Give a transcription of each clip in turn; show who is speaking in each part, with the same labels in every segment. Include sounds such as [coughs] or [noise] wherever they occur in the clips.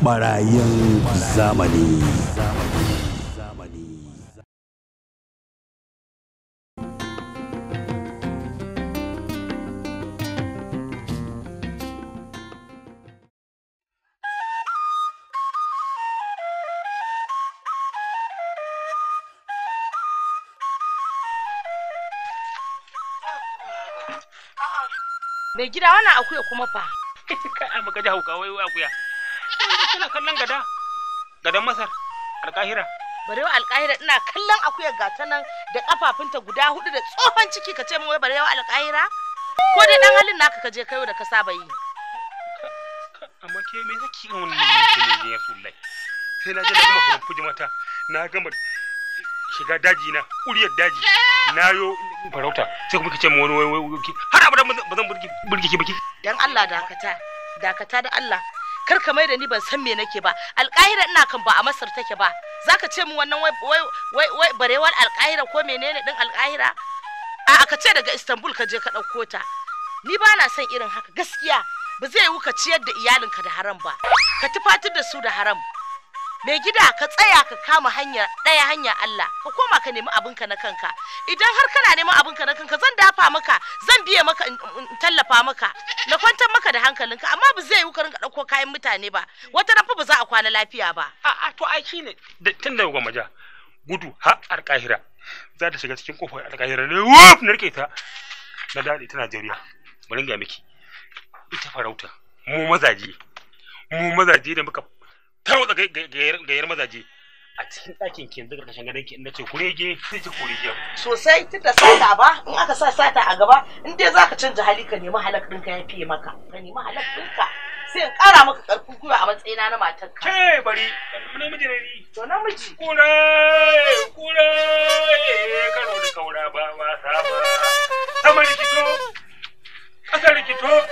Speaker 1: barayin zamani.
Speaker 2: Mai gida wani akuya kuma fa.
Speaker 3: [laughs] Kai a maka ji hauka wai akuya. kana kallon gada. Gadan Masar, Alkahira. Barewa Alkahira ina kallon
Speaker 2: akuyar gata nan da kafafunta guda hudu da tsohon ciki ka ce min wai Barewa Alkahira? Ko dai dan halin naka ka je kayo da ka saba yi.
Speaker 3: Amma ke me zaki ga wannan mutum ne ya sullai? Sai na je na gama furin mata, na gama shiga daji na, kuriyar daji. na yo farauta sai kuma kace mu wani wani har abada ba zan burge ki
Speaker 2: dan Allah dakata dakata da Allah kar ka mai da ni ban san me nake ba alƙahira ina kan ba a masar take ba zaka ce mu wannan wai barewar alƙahira ko menene din alƙahira a aka ce daga istanbul ka je ka ɗauko ta ni ba na son irin haka gaskiya ba zai yiwu ka ciyar da iyalinka da haram ba ka tufatar da su da haram mai gida ka tsaya ka kama hanya ɗaya hanya Allah ka koma ka nemi abinka na kanka idan har kana neman abinka na kanka zan dafa maka zan biye maka in tallafa maka na kwantar maka da hankalinka amma ba zai yi ka rinka ɗauko kayan mutane ba wata ran fa ba za a kwana lafiya ba a a to ai shine
Speaker 3: tun da goma ja gudu har alƙahira za ta shiga cikin kofar alƙahira ne wuf narke ta na dadi ta Najeriya mu ringa miki ita farauta mu mazaje mu mazaje da muka tarwatsa gayar mazaje a cikin ɗakin ki yanzu ƙarƙashin gadon ki na ce kurege sai ci kurege
Speaker 2: sosai tun da sata ba in aka sa sata a gaba in dai zaka canja hali ka nemi halak ɗinka ya fiye maka ka nemi halak ɗinka sai in ƙara maka ƙarfin gwiwa a matsayina na
Speaker 3: matar ka ke bari namiji ne ni to namiji kura kura karo da kaura ba ba sa ba sama rikito ƙasa rikito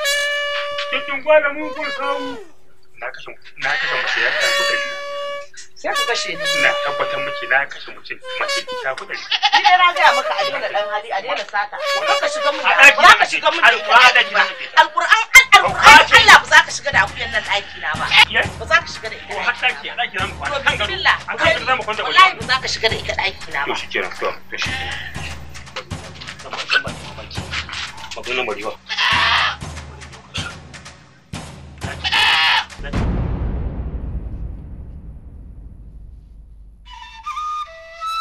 Speaker 3: kin gwada da mugun sawu na kashe na kashe mace ya ya ka kashe ni na tabbatar miki na kashe mace mace ta ni
Speaker 2: dai na gaya maka a daina ɗan hali a daina sata ba ka shiga mun da ba ka shiga mun da Allah ba za ka shiga da akuyan nan ɗaki na ba ba za ka shiga da ita har a ɗaki zamu kwana kan gado a kan gado zamu kwanta wallahi ba za ka shiga da ita ɗaki na ba
Speaker 3: to shikenan to to shikenan magana mariwa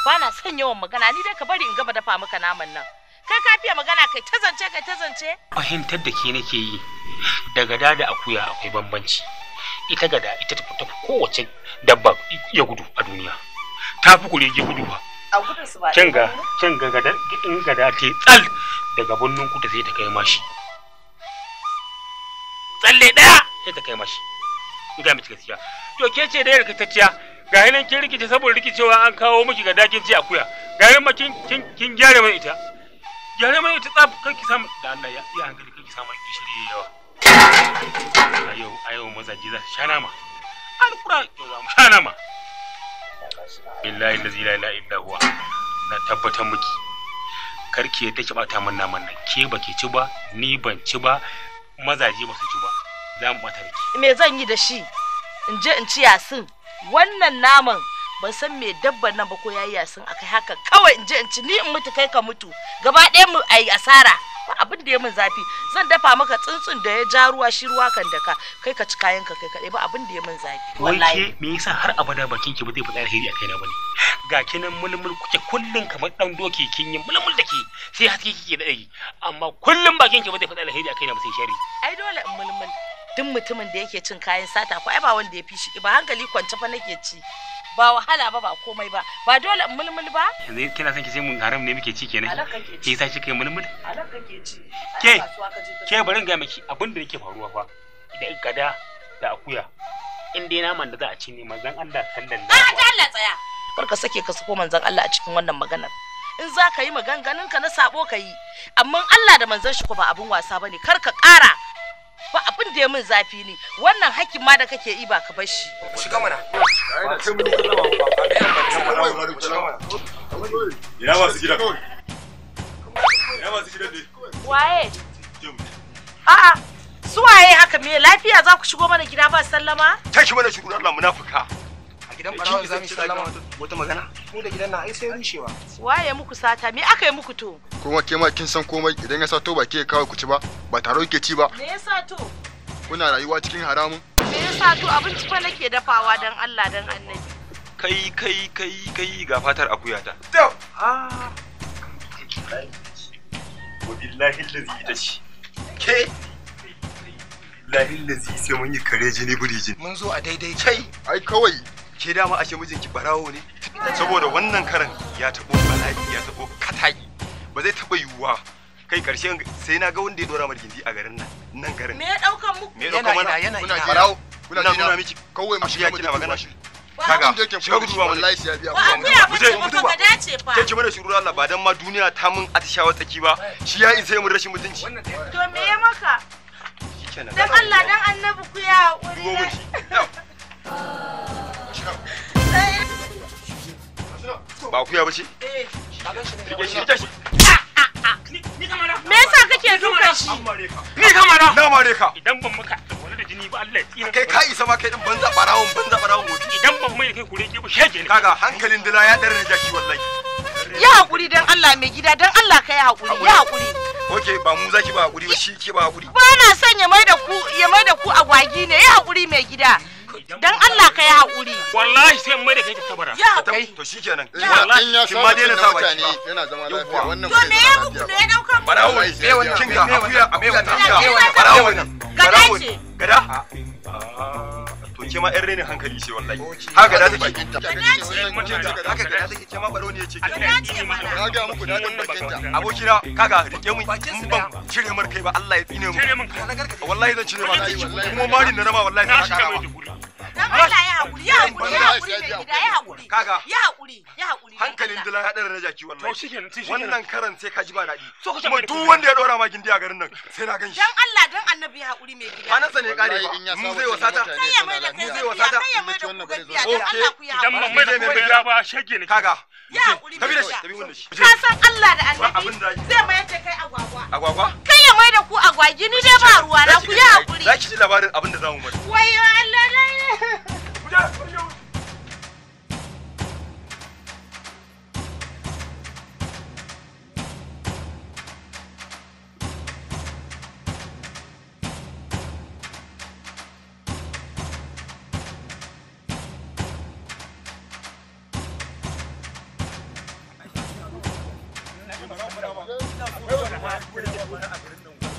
Speaker 2: Bana son yawan magana ni dai ka bari in gaba dafa maka naman nan. Kai ka fiye magana kai ta zance kai ta zance.
Speaker 3: Fahimtar da ke nake yi da gada da akuya akwai bambanci. Ita gada ita ta kowace dabba ya gudu a duniya. Ta fi kurege gudu ba. A gudu su ba. Kenga, kenga gada in gada ta tsal daga birnin ta sai ta kai mashi. Tsalle ɗaya sai ta kai mashi. ga miki gaskiya to ke ce yarka tacciya ga hinan kin rikice saboda rikicewa an kawo miki ga dakin ji akuya ga hinan ma kin kin gyara mai ita gyara mai ita tsaf kanki samu da Allah ya iya hankali kanki samu gishiri yawa ayo ayo maza za sha nama alquran to za mu sha nama billahi la ilaha illa huwa na tabbatar miki karki ya ki bata min naman nan ke baki ci ba ni ban ci ba mazaje ba su ci ba za mu bata riki.
Speaker 2: me zan yi da shi in je in ci yasin wannan naman ban san me dabban nan ba ko yayi yasin akai haka kawai in je in ci ni in mutu kai ka mutu gaba ɗaya mu ai asara ba abin da ya min zafi zan dafa maka tsuntsun da ya ja ruwa shi ruwa kan daka kai ka ci kayan ka kai kadai ba abin da ya min zafi
Speaker 3: wallahi me yasa har abada bakin ki ba zai fada alheri a na bane ga kinan mulmul kuke kullun kamar dan doki kin yi mulmul da ke sai haske kike da amma kullun bakin ki ba zai fada alheri a na ba sai shari
Speaker 2: ai dole in mulmul duk mutumin da yake cin kayan sata ko ai ba wanda ya fi shi ba hankali kwance fa nake ci ba wahala ba ba komai ba ba dole in mulmul ba
Speaker 3: yanzu kina son ki ce mun haram ne muke ci kenan ki sa shi kai mulmul alaka ke ci ke ke bari ga miki abin da yake faruwa fa idan gada da akuya in dai naman da za a ci ne manzon Allah sallallahu alaihi ah, wasallam Allah
Speaker 2: tsaya ka sake ka suko manzon Allah a cikin wannan maganar in za ka yi maganganun ka na sabo ka yi amma Allah da manzon shi ko ba abun wasa bane kar ka kara fa abin da ya min zafi ne wannan hakkin ma da kake yi ba ka bar shi
Speaker 3: shiga mana ina ba su gida
Speaker 2: waye a'a su waye haka me lafiya za ku shigo mana gida ba sallama
Speaker 3: shi mana shigo Allah munafuka gidan barawon eh, za mu sallama wata magana ko da gidan na ai sai rushewa
Speaker 2: waye muku sata me aka yi muku to
Speaker 3: kuma ke ma kin san komai idan ya sa to ba ke kawo ku ci ba ba taro ke ci ba me yasa to kuna rayuwa cikin haramun
Speaker 2: me yasa to abinci fa nake dafawa dan Allah dan annabi
Speaker 3: kai kai kai kai ga fatar akuyata to ah wabillahi allazi ita ce ke lahin lazi sai mun yi kare jini buri jini mun zo a daidai kai ai kawai ke dama ashe mijinki barawo ne saboda wannan karan ya tabo bala'i ya tabo kataki ba zai taba yiwuwa kai karshen sai na ga wanda ya dora mar gindi a garin nan nan garin me ya daukan muku me ya daukan mana yana yana barawo kuna nuna miki kawai mu shiga kina magana kaga shiga ba wallahi sai ya biya ku mu je mu duba dace fa kace mana shiru Allah ba dan ma duniya ta mun atishawa tsaki ba shi ya isa mun rashin mutunci to
Speaker 2: me ya maka dan Allah dan annabi ku ya hakuri
Speaker 3: Bakuya ba kuya ba ce? Me yasa kake duka shi? Ni kamara. Na mare ka. Idan ban maka wani da jini ba Allah ya Kai kai isa ma kai din banza barawon banza barawon gobe. Idan ban mai kai kure ke ba shege ne. Kaga hankalin dila ya dare da jaki wallahi.
Speaker 2: Ya hakuri dan Allah mai gida dan Allah kai hakuri. Ya hakuri.
Speaker 3: Oke ba mu zaki ba hakuri ba shi ke ba hakuri.
Speaker 2: Ba na son ya mai da ku ya mai da ku agwagi ne ya hakuri mai gida. dan
Speaker 3: Allah ka yi haƙuri wallahi sai mai da kai ta tabara ya kai to shikenan wallahi kin ma daina sa baki yana zama lafiya wannan to me ya muku ne ya dauka barawo me wannan kin ga a me wannan kin ga barawo ne gada ce gada ah. to ke ma ɗan renin hankali ce wallahi Ha gada take mutunta haka gada take ke ma baro ne ce. na ga muku dadin bakinta abokina kaga rike mu in ban cire mar kai ba Allah ya tsine mu wallahi zan cire ma kai kuma marin da na ba wallahi na ka mai Dan Allah ya haƙuri, ya haƙuri, ya haƙuri mai gida, ya haƙuri. Kaga. Ya haƙuri, ya haƙuri. Hankalin dila ya na jaki wallahi. To shikenan, Wannan karan sai ka ji ba daɗi. So ka Kuma duk wanda ya ɗora ma gindi a garin nan sai na Dan
Speaker 2: Allah dan Annabi ya haƙuri mai gida. Anan sa ne kare ba. Mu zai
Speaker 3: wasata. Mu zai wasata. Kai ya mai da ku Dan Allah ku ya. haƙuri ban mai ba shege ne. Kaga. ya hakuri ka san
Speaker 2: Allah da zai mayar kai agwagwa kai ya mai da ku agwagi ni dai ba ruwa na ku ya
Speaker 3: hakuri ji labarin abin da mu mata
Speaker 2: wayo Allah
Speaker 3: na ku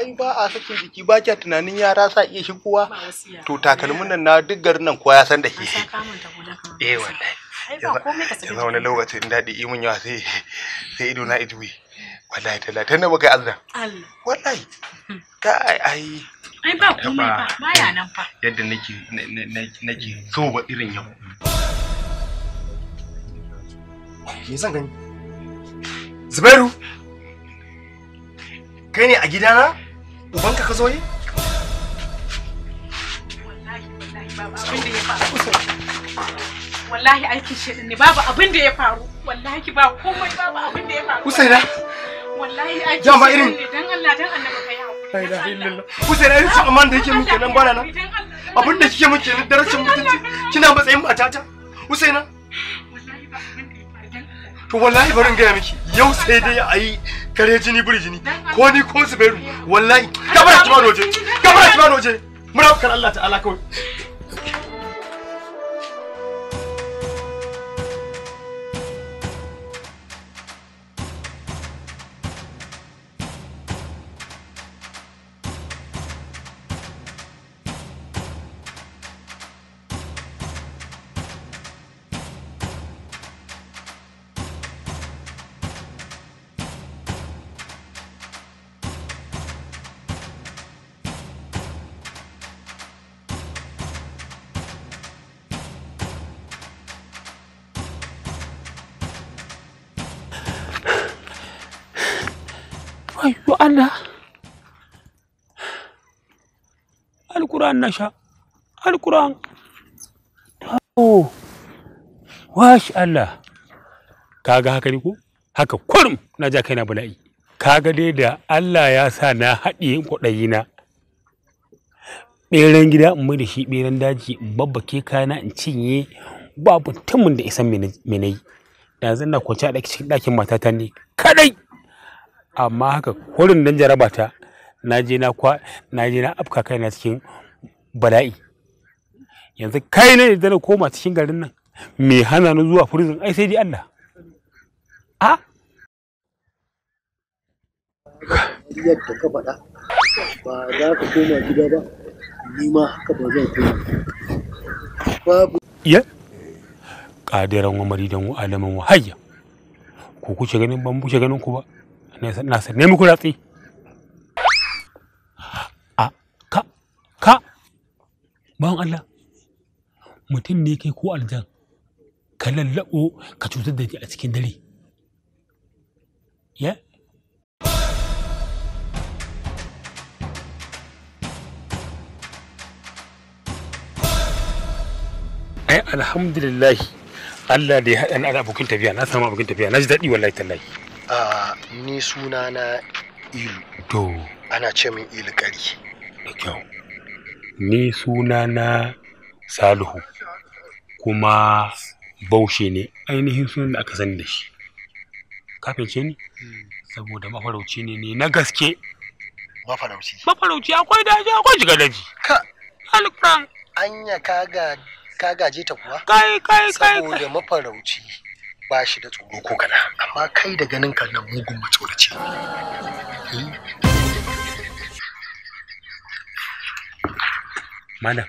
Speaker 3: ai ba a sakin jiki ba kya tunanin yara sa iya shigowa to takalmin nan na duk garin nan kowa ya san da shi eh wallahi yanzu wani lokaci in dadi imun yawa sai sai ido na ijuwi wallahi talla tana baka azza wallahi ka ai ai ai ba komai ba baya nan fa yadda nake nake so ba irin yau me zan gani Zubairu, kai ne a gidana? ubanka ka zo
Speaker 2: wallahi aikin ne babu abin da ya faru wallahi ba komai babu abin da ya faru husaina wallahi aikin shirin ne dan Allah dan annabi kai
Speaker 3: la ilaha illallah husaina irin cin amana da yake min kenan bana nan abin da kike min kenan mutunci kina matsayin matata husaina to wallahi barin gaya miki yau sai dai a yi kare jini buri jini ko ni ko zubairu wallahi gabara ki ma waje gabara ki ma waje muna Allah ta'ala kawai wayo Allah alquran na sha alquran washi Allah kaga haka ne ko haka kurum na ja na bala'i kaga dai da Allah ya sa na haɗe kwaɗayi na ɓeren gida in mai da shi ɓeren daji in babbake kayana in cinye babu mutumin da isan mai na yi da yanzu na kwanci a cikin ɗakin matata ne kadai amma haka kurin don jaraba ta na je na kwa na je na afka kaina cikin bala'i yanzu kai ne da na koma cikin garin nan me hana ni zuwa prison ai sai dai Allah a yadda ka faɗa ba za ka koma gida ba ni ma haka ba zan koma babu ya ƙadiran wa maridan wa alaman wa hayya ko kuke ganin ban buke ganin ku ba na san nemi kuratsi a ka ka bawan Allah mutum ne kai ko aljan ka lallabo ka cutar da ni a cikin dare ya ai alhamdulillah Allah da ya haɗa ni abokin tafiya na samu abokin tafiya na ji daɗi wallahi tallahi Uh, ni suna na ilu to ana ce min ilu kari da kyau ni suna na salihu kuma baushe ne ainihin sunan da aka sani da shi kafin ce ni hmm. saboda mafarauci ne ne na gaske mafarauci mafarauci akwai daji akwai shiga daji ka alkuran anya kaga kaga je ta kuwa kai kai kai saboda mafarauci ba shi da tsoro ko kada amma kai da ganin ka nan mugun matsoraci malam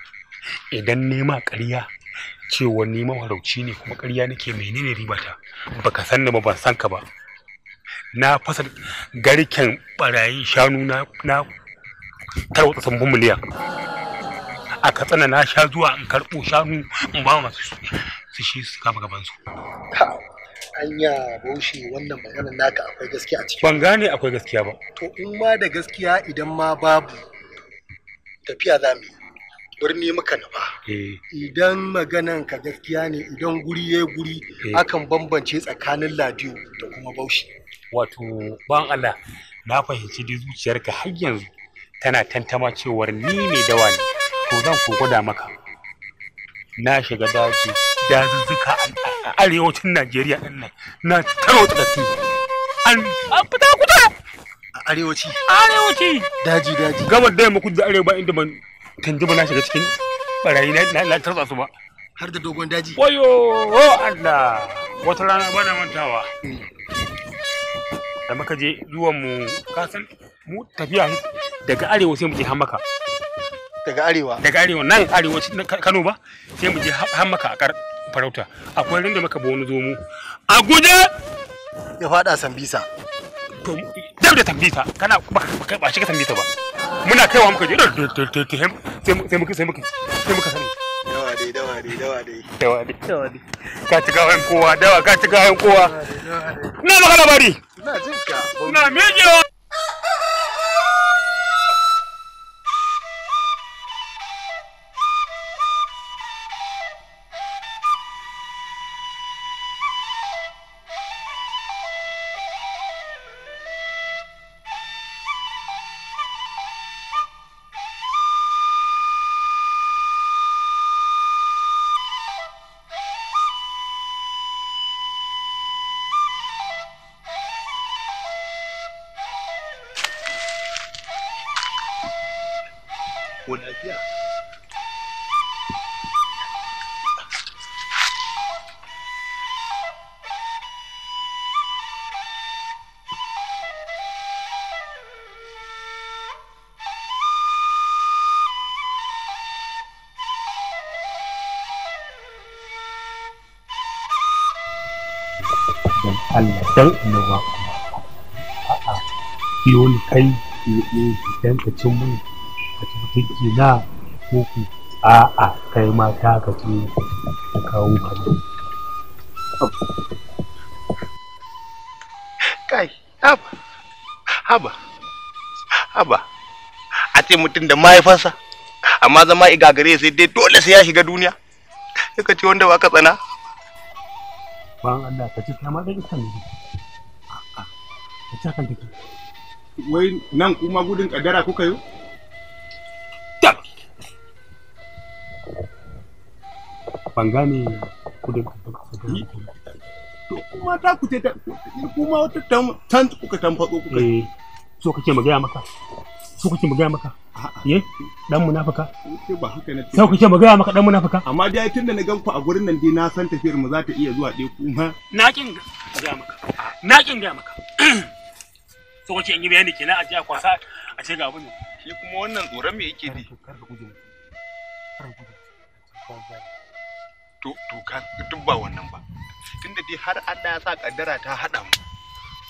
Speaker 3: idan nema ƙarya cewa ni harauci ne kuma ƙarya nake menene ribata baka san ba ban san ka ba na fasa garken barayin shanu na na tarwatsa sambun miliyan a katsina na sha zuwa in karɓo shanu in ba masu su shi su kama gaban su anya baushe wannan maganar naka akwai gaskiya a cikin ban gane akwai gaskiya ba to in ma da gaskiya idan ma babu tafiya za mu birni muka nufa eh. idan maganan ka gaskiya ne idan guri ya guri eh. akan bambance tsakanin ladiyo da kuma baushi. wato ban Allah na fahimci dai ka har yanzu tana tantama cewar ni ne dawa ne to zan ko maka na shiga daji dazuzzuka an arewacin Najeriya ɗin nan na taro ta tafi. An fita kuta. A arewaci. A arewaci. Daji daji. Gabar da yamma kudu da arewa inda ban tanji ba na shiga cikin barayi na tarza su ba. Har da dogon daji. Wayo Allah. Wata rana ba na mantawa. Da muka je zuwan mu kasan mu tafiya daga arewa sai mu je hamaka. Daga arewa? Daga arewa nan arewa Kano ba sai mu je hamaka a farauta akwai rinda maka wani zomo a guje ya fada sambisa to dab da tambita kana ka ba shi ka tambita ba muna kaiwa muka je muka sai muka sai muka sai muka sani ka ci gawan kowa dawa ka ci gawan kowa na maka labari na jinka na mijewa ke wani kai dan ka cin mun a cikin mutunci na ko ku a'a kai ma ta ka ce ka kawo hannu kai haba haba haba a ce mutum da mahaifansa amma zama igagare sai dai dole sai ya shiga duniya ka ce wanda ba ka tsana ban Allah ka ci ne ka ci kan take wai nan kuma gudun kadara kuka yi? Ban gane kudin kadara. To kuma ta ku ta kuma wata tan kuka tamfaɗo kuka yi. Eh, so kake magaya maka? So kake magaya maka? Ye? Eh, dan munafika? Ba haka na Sau kake magaya maka dan munafika? Amma dai tun da na gan ku a gurin nan dai na san tafiyar mu za ta iya zuwa ɗaya kuma. Na kin gaya maka. Na kin gaya maka. so wace in yi bayani kenan a jiya kwasa a ce ga abu ne shi kuma wannan tsoron me yake bi to to ka duk ba wannan ba tunda dai har Allah ya sa kaddara ta hada mu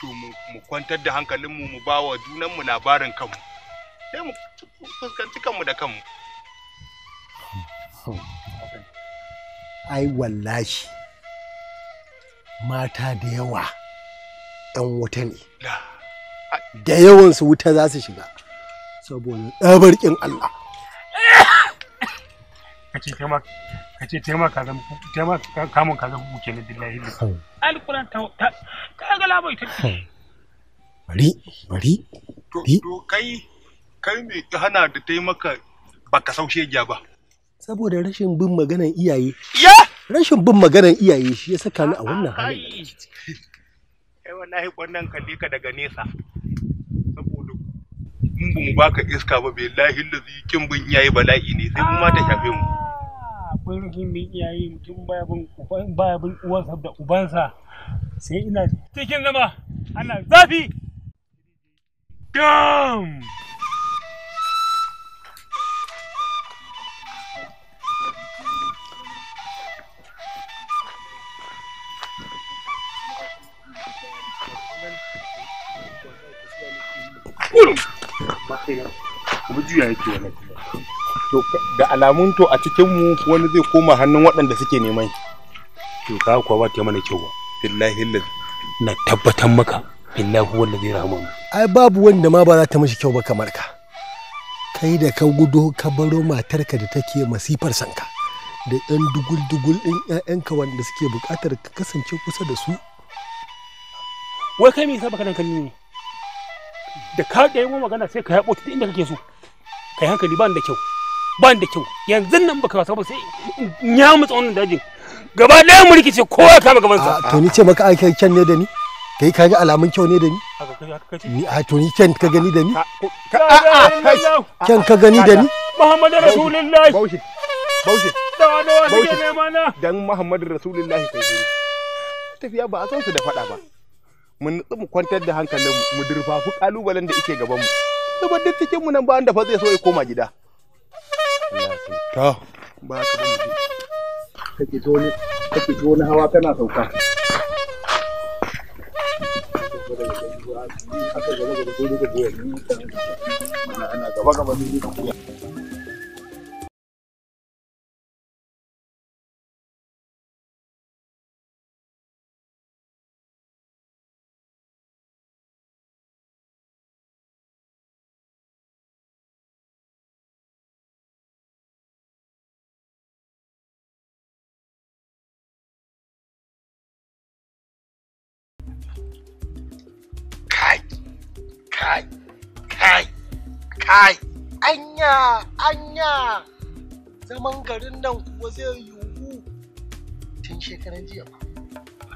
Speaker 3: to mu kwantar da hankalin mu mu ba wa junan mu labarin kanmu sai mu fuskanci kanmu da kanmu hmm. ai wallahi mata da yawa ɗan wuta ne. da yawansu wuta za su shiga saboda ɗabarƙin Allah. Ka ce taimaka, ka zan kamun ka zan buke ni billahi ne. Alkuran ta ka ga labai ta. Bari, bari. To kai kai me ta hana da taimaka baka saushe giya ba. Saboda rashin bin maganan iyaye. Ya! Rashin bin maganan iyaye shi ya saka ni a wannan hali. Kai wallahi wannan kalle ka daga nesa. in ba ka baka iska ba billahi lazi kin bin iyaye bala'i ne sai kuma ta shafe mu bin bin iyaye mutum baya bin baya bin uwansa da ubansa sai ina cikin zama ana zafi dam kuma juya yake wani to da alamun to a cikin mu wani zai koma hannun waɗanda suke neman to ka kuwa ba ta mana kyau ba billahi na tabbatar maka billahi wanda zai rahama ai babu wanda ma ba za ta mishi kyau ba kamar ka kai da ka gudo ka baro matarka da take masifar sanka da ɗan dugul-dugul ɗin 'ya'yanka wanda suke buƙatar ka kasance kusa da su wai kai me yasa baka nan kalli ne da ka ga mu magana sai ka yabo ta inda kake so kai hankali ba da kyau ba da kyau yanzu nan baka wasa ba sai in ya mutsa wannan dajin gaba ɗaya mu rikice kowa kama gaban sa to ni ce maka ai kyan ne da ni kai ka ga alamun kyau ne da ni ni a to ni kyan ka gani da ni a a kyan ka gani da ni muhammadu rasulullahi baushe baushe da wani wani ne mana dan muhammadu rasulullahi kai tafiya ba a san su da fada ba mu nutsu mu kwantar da hankalin mu durfafi kalubalen da ike gaban mu saboda duk cikin mu nan ba an fa zai so ya koma gida ta ba ka ba mu kake zo ne kake zo ne hawa kana sauka ana gaba gaba kai anya anya zaman garin nan kuwa zai yiwu tun shekaran jiya ba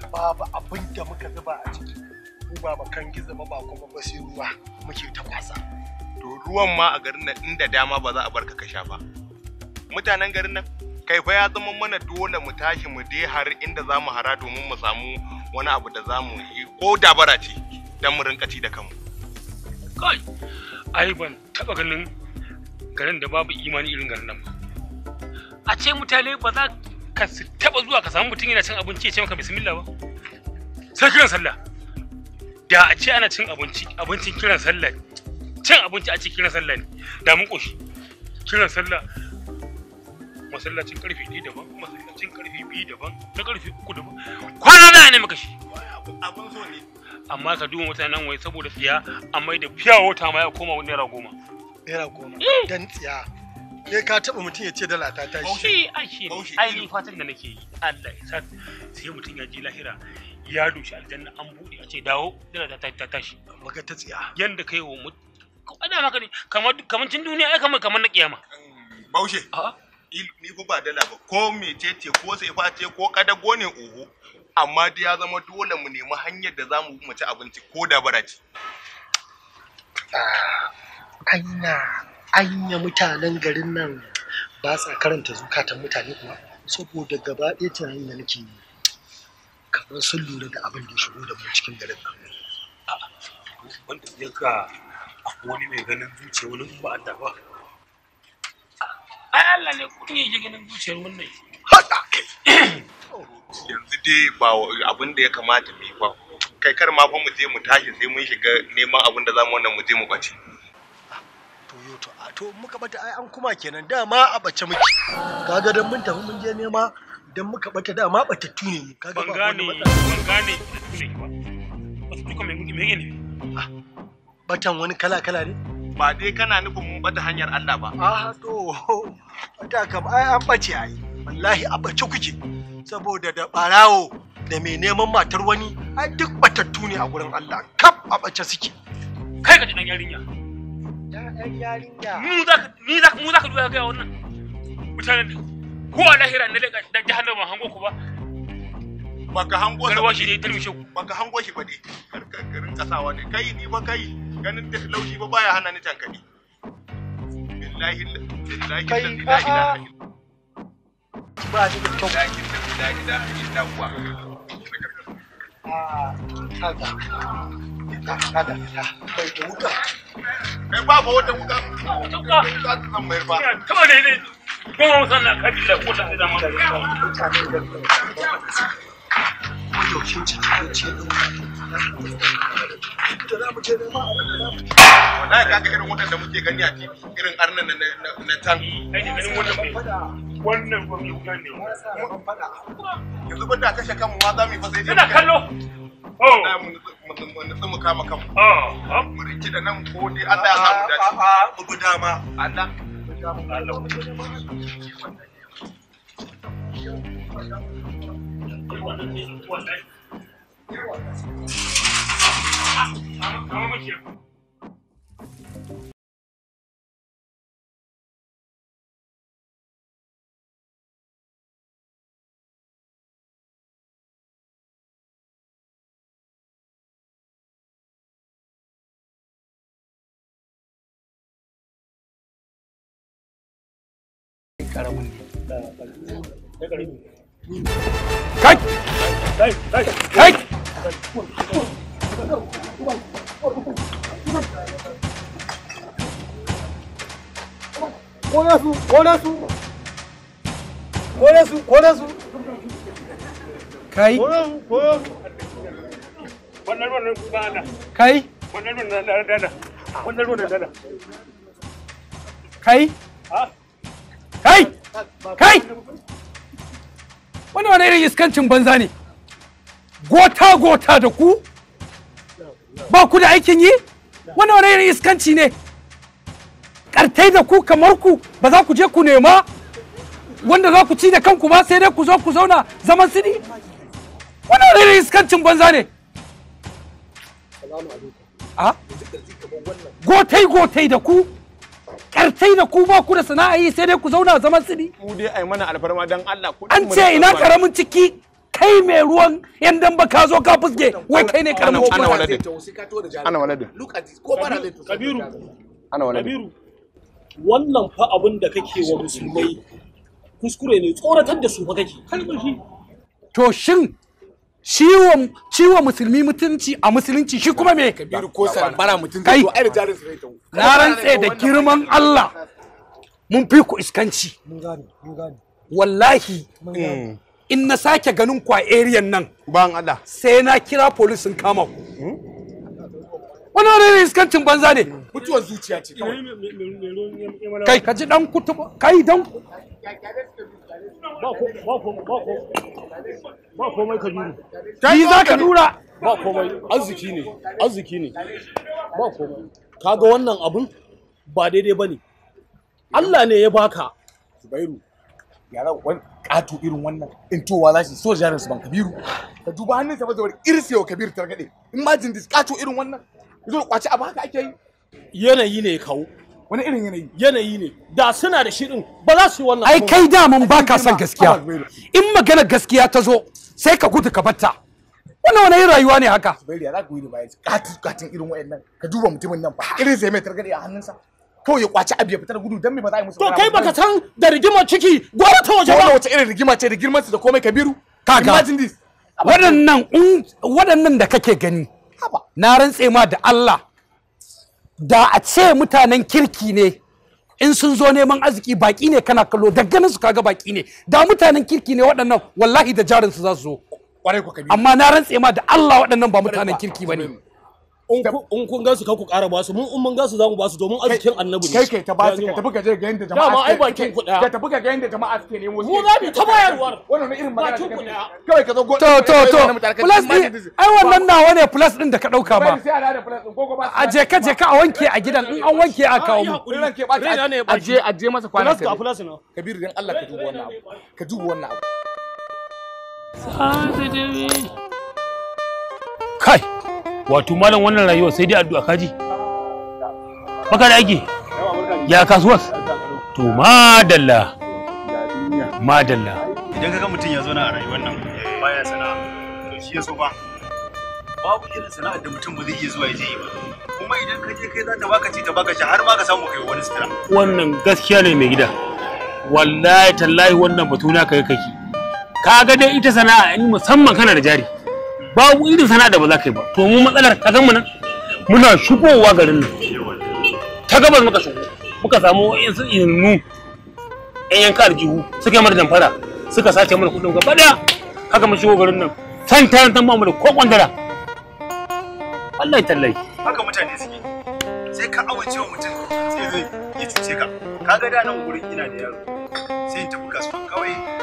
Speaker 3: babu abin da muka zuba a ciki mu ba makan gizo ba ba kuma ba sai ruwa muke ta kwasa to ruwan ma a garin nan inda dama ba za a barka ka sha ba mutanen garin nan kai fa ya zama mana dole mu tashi mu dai har inda za mu hara domin mu samu wani abu da za mu yi ko dabara ce don mu rinka ci da kanmu kai ai ban taɓa ganin garin da babu imani irin garin nan ba a ce mutane ba za ka taɓa zuwa ka samu mutum yana cin abinci ya ce maka bismillah ba sai kiran sallah da a ce ana cin abinci abincin kiran sallah cin abinci a ce kiran sallah ne da mun koshi kiran sallah masallacin karfe ne daban masallacin karfe biyu daban na karfe uku daban kwana na ne maka shi abin so ne amma ka duba mutanen wai saboda tsiya amma da fiya wata ma ya koma naira goma naira goma hmm. dan tsiya ne ka taɓa mutum ya ce dala ta tashi shi ashe ai ni fatan da nake yi Allah ya sa sai mutum ya je lahira ya dushi aljanna an buɗe a ce dawo dala ta tashi maka ta tsiya yanda kai wa mutum ana maka ne kamar cin duniya ai kamar kamar na kiyama baushe a'a ni fa ba dala ba ko mecece ko sai ko kadago ne uhu. amma dai ya zama dole mu nemi hanyar da zamu mu ci abinci ko da bara ce aina ah, anya mutanen garin nan ba sa karanta zukatan mutane kuma saboda gaba ɗaya tunanin da nake yi kamar sun lura da abin da ya shigo da mu cikin garin nan wanda yanka akwai wani mai ganin zuciya wani ba a ba Allah ne kun yi jiginin zuciyar wannan haka yanzu dai ba abin da ya kamata mu yi ba kai kar ma fa mu je mu tashi sai mun shiga neman abin da zamu wannan mu je mu kwace ah, ah, to a to muka bata ai an kuma kenan dama a bace muke kaga dan mun tafi mun je nema dan muka bata dama batattu ne kaga ban gane ban gane ne ba batattu kuma me ah, ne batan wani kala kala ne ba dai kana nufin mun bata hanyar Allah ba. Ah to da kam ai an bace ai wallahi a bace kuke saboda da barawo da mai neman matar wani ai duk batattu ne a gurin Allah kaf a bace suke. Kai ka ji dan yarinya.
Speaker 1: Dan yarinya.
Speaker 3: Mu za ka ni za ka mu za ka duba ga wannan mutanen ko a lahira ne da jahannama hango ku ba baka hango shi ne baka hango shi ba ne karkarin kasawa ne kai ni ba kai ganin duk laushi ba baya hana ni tankani billahi billahi la kyau ba shi da kyau da ilaha illa allah kada kada kada kai da wuka kai ba ba wata wuka wuka za ta san mai ba kama ne ne goma sannan kabila ko da idan mun da yaushe cikin cikin da za da mu wallahi ka ga irin waɗanda muke gani a TV irin arnan na tan wannan gwamnati ne mun fada yanzu ba da kashe kanmu ma za mu yi fa sai dai kana oh. kama kanmu oh. mu da nan ko dai Allah ya samu dace a ah, ah, ah, dama Allah Allah karamin
Speaker 1: Kai! Kai! Kai!
Speaker 3: kore su su kore su su kai kai wannan Kai. wannan Kai. kai kai kai wannan wani irin iskancin banza ne gota-gota da ku ba ku da aikin yi wani wani irin iskanci ne Ƙartai da ku kamar ku ba za ku je ku nema wanda za ku ci da kanku ba sai dai ku zo ku zauna zaman sini wani wani irin iskancin banza ne a ah? gotai-gotai da ku Ƙartai da ku ba ku da sana'a yi sai dai ku zauna zaman sini an ce ina ƙaramin ciki kai mai ruwan yan dan ka zo ka fuske wai kai ne karamin ko ana waladin ana waladin ko bara kabiru ana waladin kabiru wannan fa abin da kake wa musulmai kuskure ne tsoratar da su fa kake to shin ciwon ciwon musulmi mutunci a musulunci shi kuma me kabiru ko bara mutunci to ai jarin sai ta na rantse da girman Allah mun fi ku iskanci mun gane mun gane wallahi mun gane mm. in na sake ganin kwa area nan ban Allah sai na kira police sun kama ku hmm? wani wani ne iskancin banza ne mutuwar zuciya ce kai ka ji dan kutu kai dan ba komai ka duru ni za ka dura ba komai arziki ne arziki ne ba komai kaga wannan abun ba daidai bane Allah ne ya baka Zubairu gyara wani kato irin wannan in towa za shi so jarin su ban kabiru ka duba hannun sa ba iri irsewa kabiru targaɗe in ma jin dis irin wannan zo da kwaci abu haka ake yi yanayi ne kawo wani irin yanayi yanayi ne da suna da din ba za su yi wannan ai kai da mun ba ka son gaskiya in magana gaskiya ta zo sai ka gudu ka batta wannan wani yin rayuwa ne haka zubairu ya za ka gudu bayan katin irin wayannan. ka duba mutumin nan ba irin sai mai targaɗe a hannun sa. ko ya kwaci abu ya fita da gudu don me ba za a yi musu to kai baka san da rigimar ciki gwara ta waje ba wace irin rigima ce rigimar su da komai kabiru kaga imagine this waɗannan waɗannan da kake gani na rantse ma da Allah da a ce mutanen kirki ne in sun zo neman arziki baki ne kana kallo da ganin su kaga baki ne da mutanen kirki ne waɗannan wallahi da jarin su za su zo amma na rantse ma da Allah waɗannan ba mutanen kirki bane in kun gansu kan ku ƙara basu mun in mun gansu za mu basu domin arzikin annabi ne kai kai ta ba su ka tafi ka je ga yanda jama'a dama ai bakin ku daya ka tafi ka ga yanda jama'a suke nemo mu za mu ta bayarwar wannan irin magana ta ku daya kawai ka zo go to to to plus din ai wannan nawa ne plus din da ka dauka ba a je ka je ka a wanke a gidan in an wanke a kawo mu a je a je masa kwana ka plus kabir dan Allah ka dubo wannan abu ka dubo wannan abu
Speaker 1: Sa'adu Dewi.
Speaker 3: wato malam wannan rayuwa sai dai addu'a kaji baka da aiki ya kasuwar to madalla madalla idan kaga mutum ya zauna a rayuwar nan baya sana'a to shi ya so fa. babu irin sana'ar da mutum ba zai iya zuwa ya je yi ba kuma idan ka je kai za ta baka ci ta baka sha har ma ka samu kai wani sutura wannan gaskiya ne mai gida wallahi tallahi wannan batu kai kake ka ga dai ita sana'a in musamman kana da jari babu irin sana'a da ba za ka yi ba to mu matsalar ka mu nan muna shigowa garin nan ta gabas muka shigo muka samu wa'insu innu yan yanka aljihu suka yi mana damfara suka sace mana kudin gaba daya haka mun shigo garin nan san tayan tan mu da ko kwandara wallahi tallahi haka mutane suke sai ka mutum sai zai ya cuce ka kaga da nan ina da yaro sai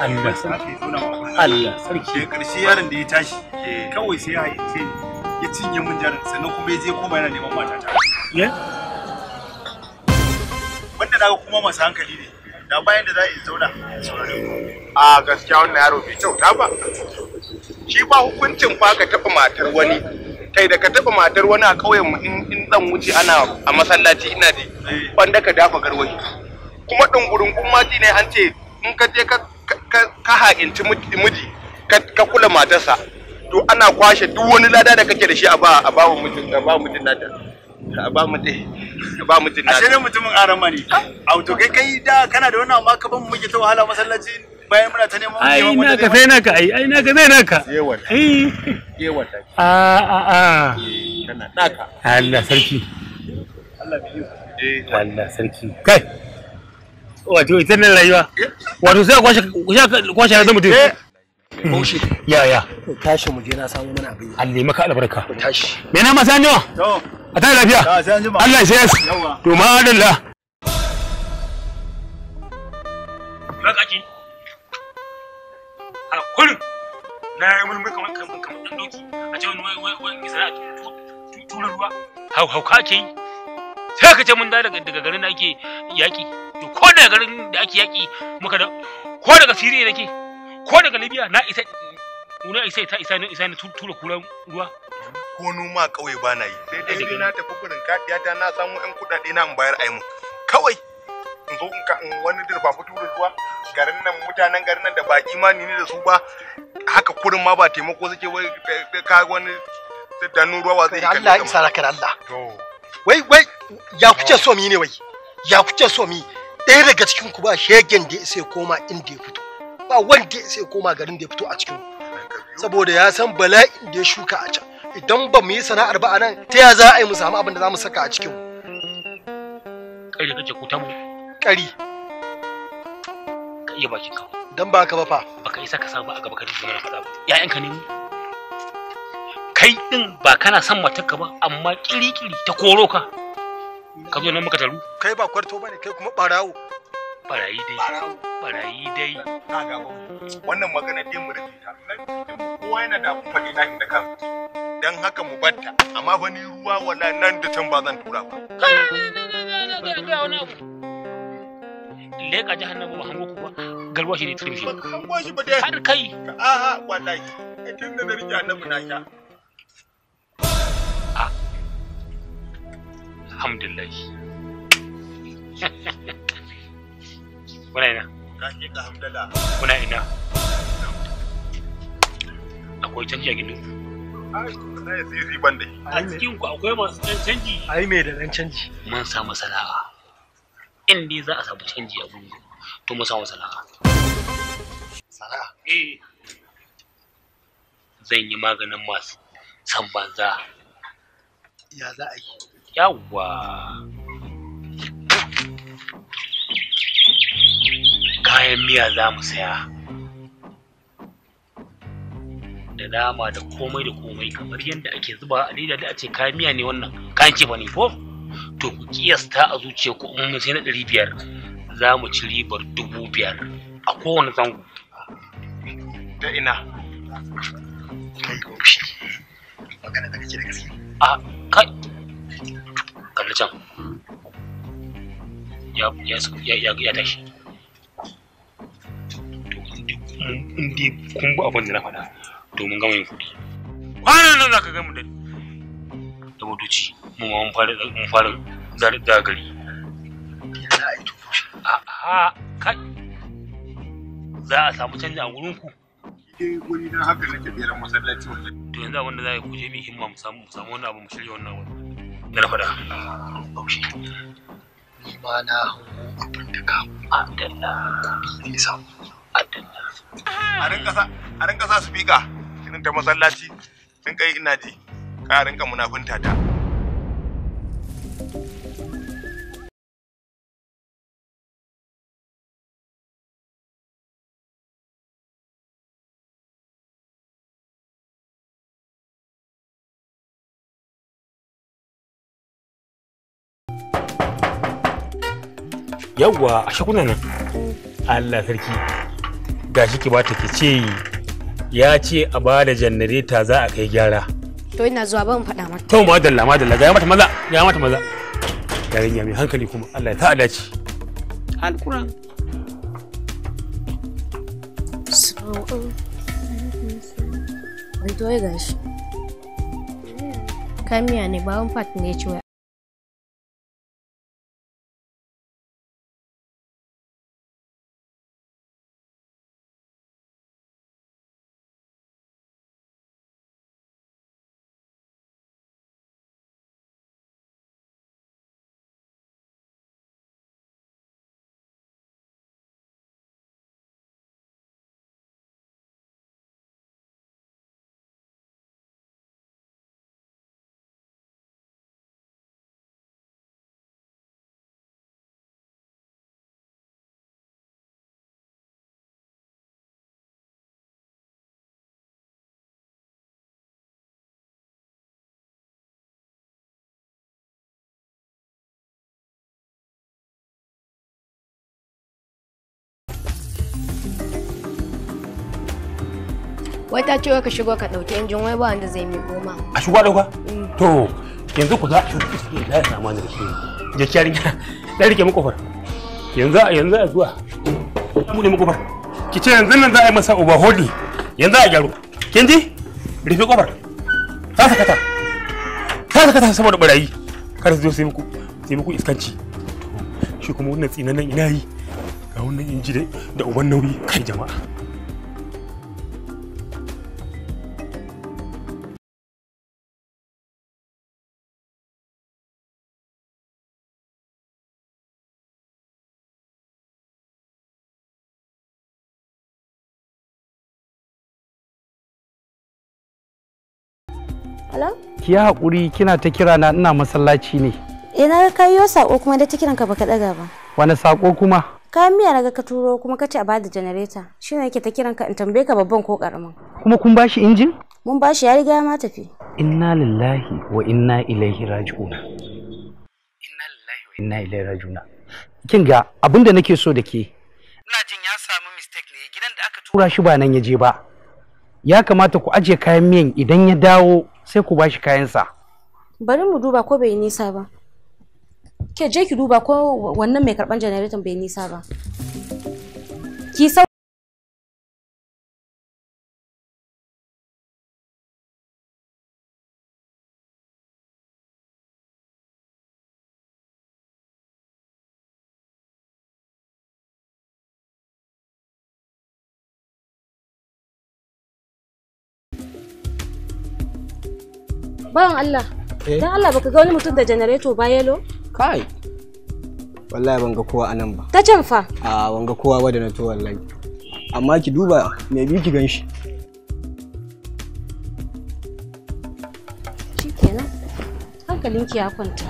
Speaker 3: Allah sarki Allah sarki karshe yaron da ya tashi kawai sai ya ce ya cinye min jarin sannan kuma ya je koma yana neman mata ta ye wanda daga kuma masu hankali ne da bayan da za a zauna a gaskiya wannan yaro bai kyauta ba shi ba hukuncin ba ka taɓa matar wani kai da ka taɓa matar wani a ƙauyen mu in zan wuce ana a masallaci ina ji wanda eh. ka dafa garwashi kuma ɗungurin kuma ne an ce in ka je ka ka ha'inci miji ka kula matarsa to ana kwashe duk wani lada da kake da shi a ba a ba mutum a ba mutum nata a ba mutum a ba mutum a ashe mutumin arama ne a to kai kai da kana da wannan amma ka ban miji ta wahala masallaci bayan muna ta neman ai na ka sai na ka ai ai na ka sai na naka yewa yewa a a a eh, kana naka Allah sarki Allah biyu eh, Allah sarki kai wato ita ne rayuwa wato sai kwashe kwashe da mutum Bauchi. Ya ya. Tashi mu je na samu mana abin. Allah maka albarka. Tashi. Me na ma niwa? To. A ta lafiya. Allah ya yes To ma Allah. Bakaki. A kullum na yi mulmi kamar kamar kamar dan doki. A ce wani wai wai Isra'a tura ruwa. Hau hau kake yi. sai ka ce mun da daga garin da ake yaƙi to ko daga garin da ake yaƙi muka da ko daga siriya nake ko daga libya na isa una isa ta isa ne isa ne tura kuran ruwa ko noma kauye ba na yi sai dai ni na tafi gurin kafiya ta na samu ɗan kuɗaɗe na in bayar mu kawai in zo in ka in wani dirba fito da ruwa garin nan mutanen garin nan da ba imani ne da su ba haka kurin ma ba taimako suke wai ka wani da ruwa wa zai yi Allah ya isa Allah to wai wai ya kuke so mi ne wai ya kuke so mi ɗaya daga cikin ku ba shegen da sai koma inda ya fito ba wanda sai koma garin da ya fito a cikin saboda ya san bala'in da ya shuka a can idan ba mu yi sana'ar ba a nan ta ya za a yi mu samu abin da za mu saka a cikin Kari kake kuta mu kari ka iya bakin ka dan ba ka ba fa baka isa ka samu a gaba ka dinga faɗa ba ƴaƴanka ne kai din ba kana son matarka ba amma kiri-kiri ta koro ka ka zo nan muka taru kai ba kwarto bane kai kuma barawo barayi dai barayi dai ka ga wannan magana din mu rubuta kowa yana da abun faɗi nashi da kan dan haka mu batta amma fa ni ruwa wala nan da can ba zan tura ba leka jahannabu ba hango kuwa garwa ne turmi har kai a'a wallahi tun da na rike annabi na sha alhamdulillah muna ina muna ina akwai canji a gidan a cikin ku akwai masu ɗan canji da ɗan canji mun samu sana'a in za a samu canji a gungun to mun samu sana'a sana'a eh. zan yi maganin masu san banza ya za a yi yawwa kayan miya za mu saya da nama da komai da komai kamar yadda ake zuba a leda da a ce kayan miya ne wannan kayan ce ba ne ko to ku kiyasta a zuciya ku in sai na ɗari biyar za mu ci ribar dubu biyar a kowane zango da ina kai magana da kake da gaske a kai kalli can ya tashi in dai kun bi abin da na faɗa domin gama yin kuɗi kwanan nan za ka gama da da motoci mu ma mun fara da gari a yi a kai za a samu canji a gurin ku dai na haka nake biyar masallaci wannan to yanzu abin da za a yi kuje mu himma mu samu wani abu mu shirya wannan wani na faɗa ni ma na hango abin da ka adalla ne samu adalla a rinka sa a rinka sa su bika irin ta masallaci rinka yi ina ji ka rinka munafunta ta yawwa a shakunan nan allah sarki ga shi ba ta ke ce ya ce a ba da janareta za a kai gyara
Speaker 2: to ina zuwa ban faɗa mata
Speaker 3: to madalla madalla ma ga mata maza ga mata maza yarinya mai hankali kuma allah ya ta adaci
Speaker 2: alkuran wai doye gashi
Speaker 1: kamiya ne bawon fat ne ya ci wai
Speaker 4: Wai ta ce wai ka shigo ka ɗauki injin wai ba wanda zai mi ma.
Speaker 3: A shigo kwa mm. To yanzu ku za a yi da ya samu da shi. Je ki yarinya ɗan rike mu kofar. Yanzu yanzu a zuwa. Mu ne mu kofar. Ki ce yanzu nan za a yi masa overhaul yanzu a gyaru. Kin ji? Rufe kofar. Ta saka ta. Ta saka ta saboda barayi. Kar su zo sai muku sai muku iskanci. Shi kuma wannan tsinanan ina yi. Ga wannan inji da uban nauyi kai jama'a. ki hakuri kina ta kira na ina masallaci ne
Speaker 4: eh na ka yi sako kuma da ta kiran ka baka daga ba
Speaker 3: wani sako kuma
Speaker 4: kayan miya naga ka turo kuma ka ce a bada janareta shine yake ta kiran ka in tambaye ka babban ko karamin
Speaker 3: kuma kun bashi injin
Speaker 4: mun bashi ya riga ma tafi
Speaker 3: inna lillahi wa inna ilaihi raji'una inna lillahi wa inna ilaihi raji'una kin ga abin da nake so da ke ina jin ya samu mistake ne gidan da aka tura shi ba nan ya je ba ya kamata ku ajiye kayan miyan idan ya dawo sai ku bashi kayansa
Speaker 4: bari mu duba ko bai nisa ba ke je ki duba ko wannan mai karban janareton bai nisa ba ki Bawan Allah.
Speaker 5: Eh?
Speaker 3: Dan
Speaker 4: Allah baka ga wani mutum da janareto ba yalo?
Speaker 3: Kai. Wallahi ban ga kowa anan ba. Ta can fa? A ban ga kowa ba da na to wallahi. Amma ki duba me bi ki ganshi.
Speaker 4: Shikenan. Hankalinki ya kwanta.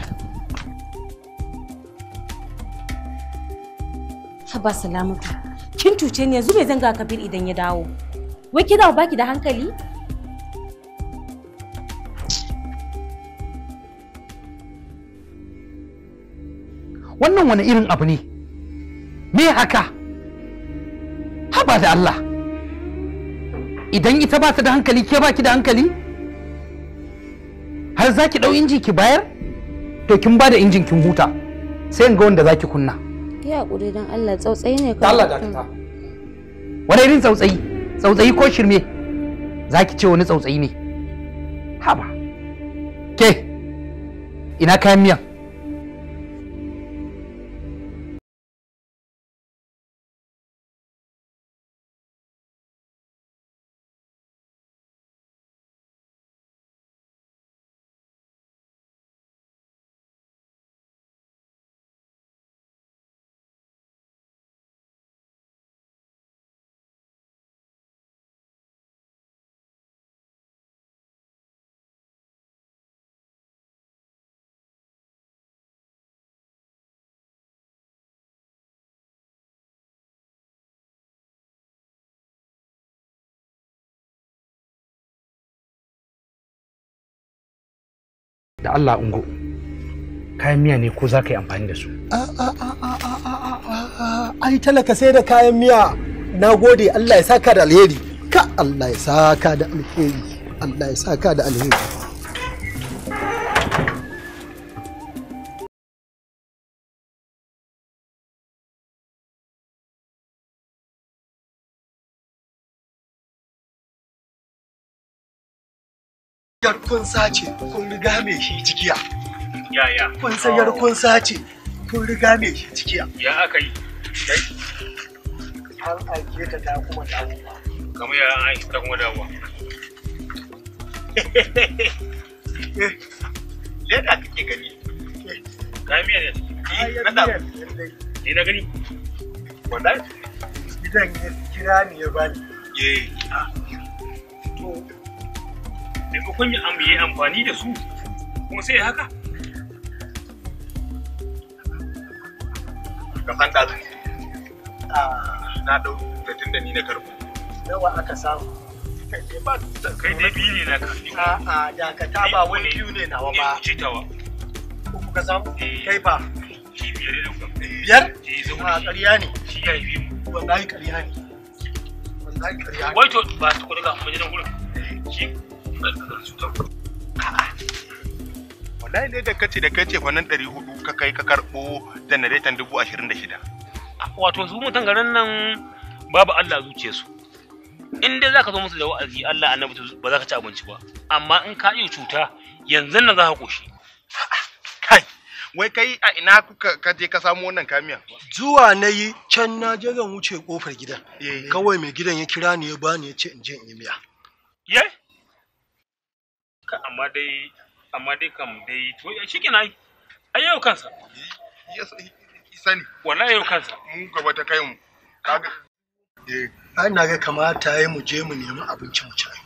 Speaker 4: Haba salamatu. Kin cuce ni yanzu bai zanga kabir idan ya dawo. Wai ki dawo baki da hankali?
Speaker 3: wannan wani irin abu ne me haka haba da Allah idan ita ba ta da hankali ke ba ki da hankali har za ki ɗau inji ki bayar to kin ba da injin kin huta sai in ga wanda za ki kunna
Speaker 2: ya ƙuri don Allah tsautsayi ne kawai Allah dakata
Speaker 3: wani irin tsautsayi tsautsayi ko shirme za ki ce wani tsautsayi ne haba ke ina kayan miyan da Allah ungo kayan miya ne ko za ka yi amfani da su ai talaka sai da kayan miya na gode Allah ya saka da alheri ka Allah ya saka da alheri Allah ya saka da alheri
Speaker 1: yar kun sace kun riga me shi
Speaker 3: cikiya oh. kun sace kun riga mai shi cikiya ya aka yi ta ta kuma kamar ya an ta kuma [laughs] leda kake gani kamiya ne na da ni na gani gidan kira ya bani eh maimakon ya yi amfani da su kuma sai haka ga fanta ah. na ɗau da ni na karɓo yawa aka samu kai dai ne na karɓi a ah, ah, dakata ba wani biyu ne nawa ba eh. ne tawa ka samu kai ba biyar eh, a ƙarya ne shi ya yi biyu ne wai to ba gurin eh. wallahi ne da kace da kace fannin ɗari ka kai ka karɓo janaretan dubu wato su mutan garin nan babu allah su, in dai zaka zo musu da wa'azi allah annabi ba za ka ci abinci ba amma in ka yi cuta yanzu nan za ka koshi kai wai kai a ina kuka ka je ka samu wannan kamiya zuwa na yi can na je zan wuce kofar gidan eh, eh. kawai mai gidan ya kira ni ya bani ya ce in je in yi miya yeah. ka amma dai amma dai kam dai to shi ai yau kansa sani yau kansa mu gaba ta kai mu kaga eh ai na ga kamata mu je mu nemi abinci mu ci ai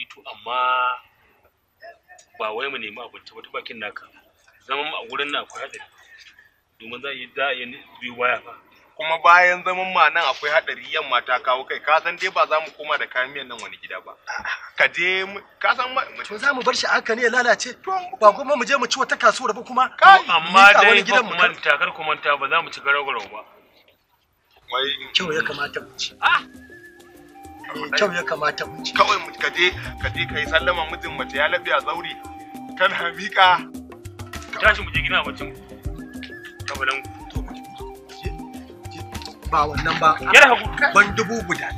Speaker 3: eh to amma ba wai mu nemi abinci wata bakin naka a gurin na akwai domin za a yi yi waya ba kuma bayan zaman ma nan akwai hadari yamma ta kawo kai ka san dai ba za mu koma da kayan miyan nan wani gida ba ka je ka san to za mu bar shi haka ne ya lalace ba kuma mu je mu ci wata kasuwar ba kuma amma dai ba ku manta kar ku manta ba za mu ci garau ba ba kyau ya kamata mu ci ah! eh, kyau ya kamata mu ci kawai ka je ka je kai sallama mijin mace ya labiya zauri kana miƙa tashi mu je gina mutum kabalan ku ba wannan ba ban dubu guda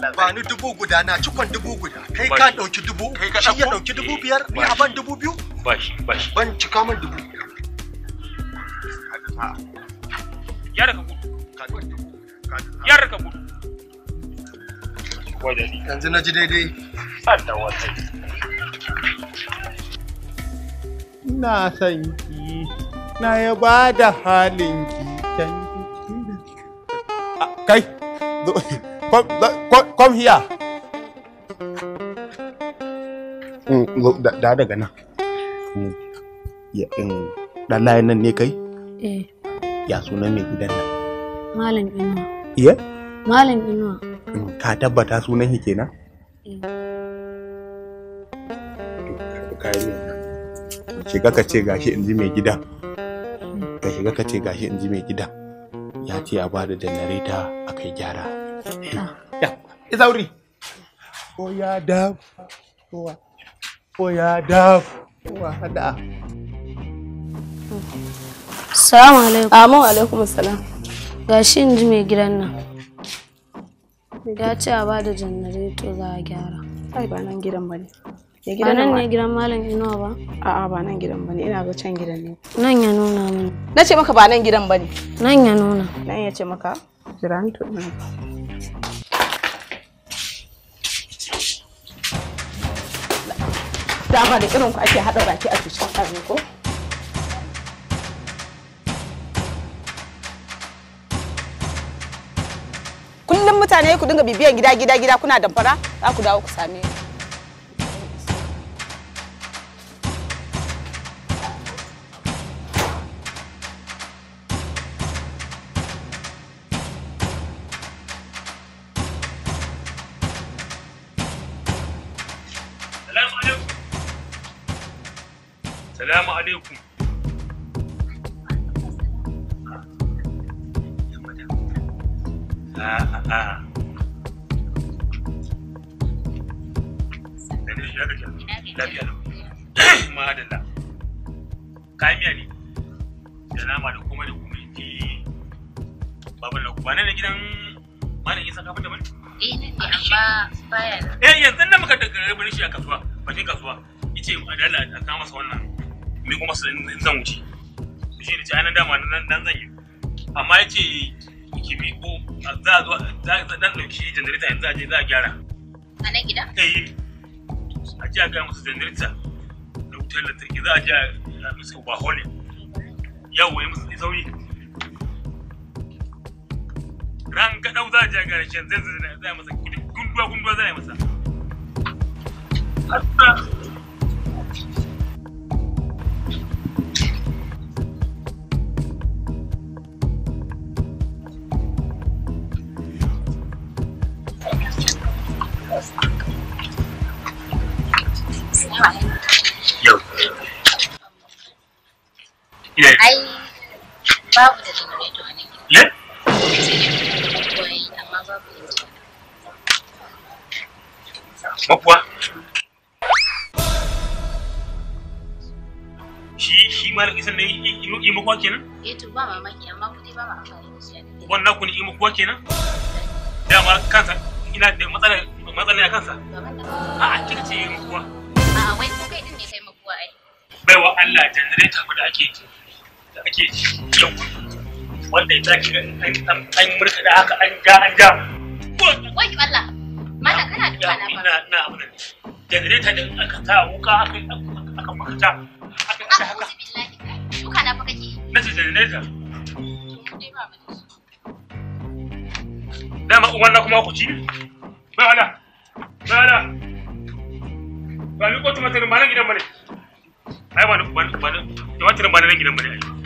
Speaker 3: na ba ni dubu guda na cikon dubu guda kai ka dauki dubu shi ya dauki dubu biyar ni a ban dubu biyu ban cika min dubu biyar yar ka gudu yar ka gudu yanzu na ji daidai ina son ki na ya ba da halin ki Kai, come, come come here. Mm, da daga nan. Mm, dan layan nan ne kai? Eh. Ya sunan mai gidan nan?
Speaker 4: Malam Inuwa. Iya? Malam Inuwa.
Speaker 3: Mm, ka tabbata sunan shi kenan? Eh. Shiga ka ce gashi in ji mai gida. Eh. Ka shiga ka ce gashi in ji mai gida. ya ce a bada da narita a kai gyara izauri ah. o ya daf o ya daf wa hada salamu
Speaker 2: alaikum amin ah, alaikum salam ga shi inji ji mai gidan nan ya ce a bada janareto za a gyara ai ba nan gidan ba ne Ba nan ne gidan Malam Inuwa ba? A'a ba nan gidan bane ina ga can gidan ne. Nan ya nuna Na maka ba nan gidan bane. Nan ya nuna. Nan ce maka jira a Kullum mutane ku dinga bibiyan gida gida gida kuna damfara za ku dawo ku same ni.
Speaker 3: janarita yanzu aje za a gyara a gida eh a ji a gaya musu da wutar lantarki za a ji a musu musu sauyi ran za a ji a gyara shi yanzu masa gunduwa gunduwa za a yi masa babu da amma babu shi shi malam isan ne yi makuwa kenan
Speaker 2: eh to ba mamaki amma ba ma amfani da shi
Speaker 3: wannan ku yi makuwa kenan dama kansa ina da matsala ya kansa a'a kika ce yi makuwa
Speaker 5: a'a wai ku kai din ne kai makuwa ai
Speaker 3: baiwa Allah janareta ku da ake yi da ake yau wanda ya zaki ga an murka da haka an ja an ja
Speaker 2: wai
Speaker 5: Allah mana kana da na ina
Speaker 3: ina abin nan generator da aka ta wuka aka aka makata
Speaker 5: aka ta haka duka na fa kake
Speaker 3: na dama kuma ku ci ba ala ba ala ba mi ko tuma ba malan gidan bane ai ba ba ba tuma ba malan gidan bane ai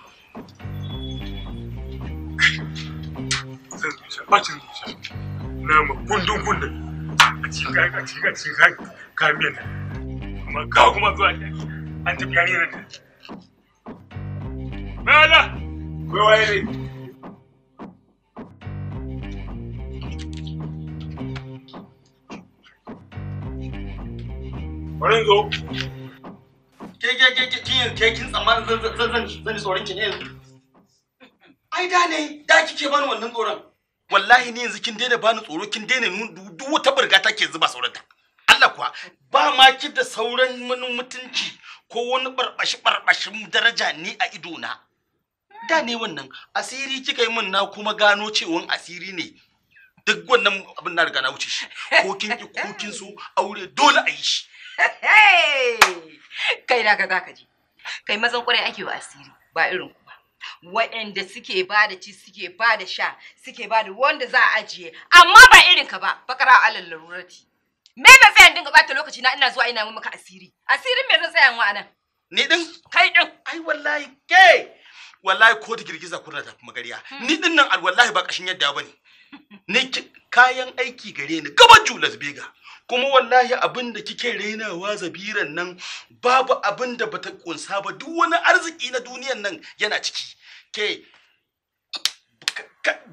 Speaker 3: zuciya bacin zuciya nama kundin kundin a cikin a cikin a cikin kamiyan amma ga kuma zuwa an tafi yani nan daji bala kai waye ne Bari zo. Ke ke ke ke kin ke tsammanin zan zan zan tsoron yanzu. Ai da ne da kike bani wannan tsoron. wallahi ni yanzu kin daina bani tsoro kin daina duk wata burga take zuba sauranta Allah kuwa ba ma ki da sauran mun mutunci ko wani barbashi barbashin daraja ni a ido na da ne wannan asiri kika yi min na kuma gano cewon asiri ne duk wannan abin na riga na wuce shi ko kin ki ko kin so aure dole a yi shi
Speaker 5: kai da ka zaka ji kai mazan kwarai ake wa asiri ba irin ku. waɗanda suke ba da ci suke ba da sha suke ba da wanda za a ajiye amma ba irin ka ba bakara alal larurati me na tsaya dinga bata lokaci na ina zuwa ina maka asiri asirin me zan tsaya wa anan
Speaker 3: ni din kai din ai wallahi ke wallahi ko ta girgiza kurna tafi magariya hmm. ni din nan wallahi ba kashin yadda bane ni kayan aiki gare ni gaban julas Bega kuma wallahi abin da kike rainawa zabiran nan babu abin da bata kunsa ba duk wani arziki na duniyan nan yana ciki ke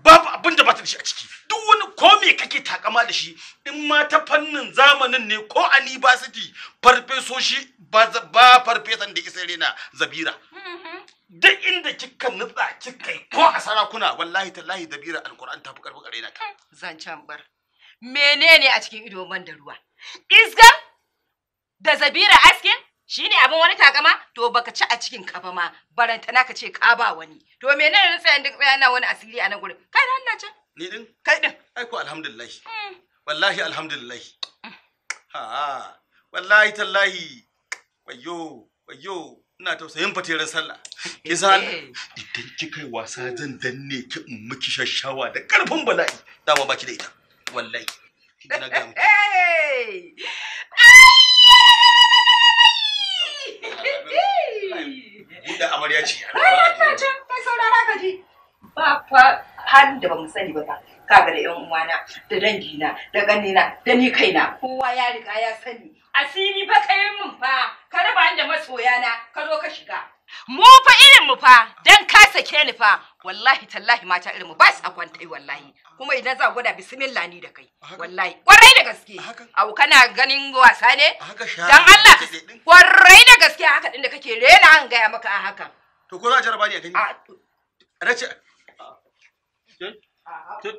Speaker 3: babu abin da bata da shi a ciki duk wani ko me kake takama da shi in ma ta fannin zamanin ne ko a university farfesoshi ba farfesan da isa rena zabira mm-hmm. duk inda kika nutsa kika ko a sarakuna wallahi tallahi zabira alquran ta fi karfi karena ka zancan bar
Speaker 5: menene a cikin ido man da ruwa Iska da zabira askin shine abin wani takama to baka ci a cikin ka ba ma barantana ka ce ka ba wani to menene na tsayan duk tsayana wani asiri a nan gurin kai nan na ce
Speaker 3: ni din kai din ai ko alhamdulillah hmm. wallahi alhamdulillah hmm. ha wallahi tallahi wayo wayo ina tausayin fatiran sallah kisan idan kika yi wasa zan danne ki in miki shashawa da karfin bala'i dama baki da ita wallahi [laughs] na ga da amarya ce
Speaker 5: ba fa da bamu sani ba kaga da yan uwana da dangina da ganina da ni kaina kowa ya riga ya sani asiri fa kai mun fa ka raba da masoyana ka zo ka shiga mu fa irin mu fa dan ka sake ni fa wallahi tallahi mata irin mu ba su akwanta yi wallahi kuma idan za gwada bismillah ni da kai wallahi kwarai da gaske abu kana ganin wasa ne dan Allah kwarai da gaske haka din da kake rena an gaya maka a haka
Speaker 3: to ko za a jarraba a gani race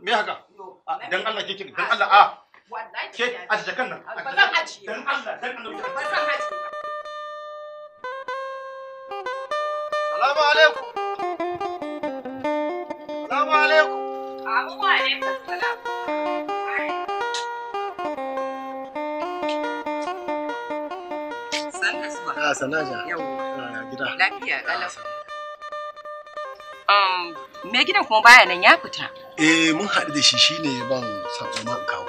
Speaker 3: me haka dan Allah ke kin dan Allah a
Speaker 5: ke ajiye kan nan ba zan ajiye dan Allah dan Allah ba zan haji Assalamu alaikum. Assalamu alaikum. Abu ah, ah,
Speaker 1: ah, alaikum
Speaker 5: salam. me gidan kuma baya nan ya fita.
Speaker 3: Eh, mun haɗu da shi shine ya ban sakon man kawo.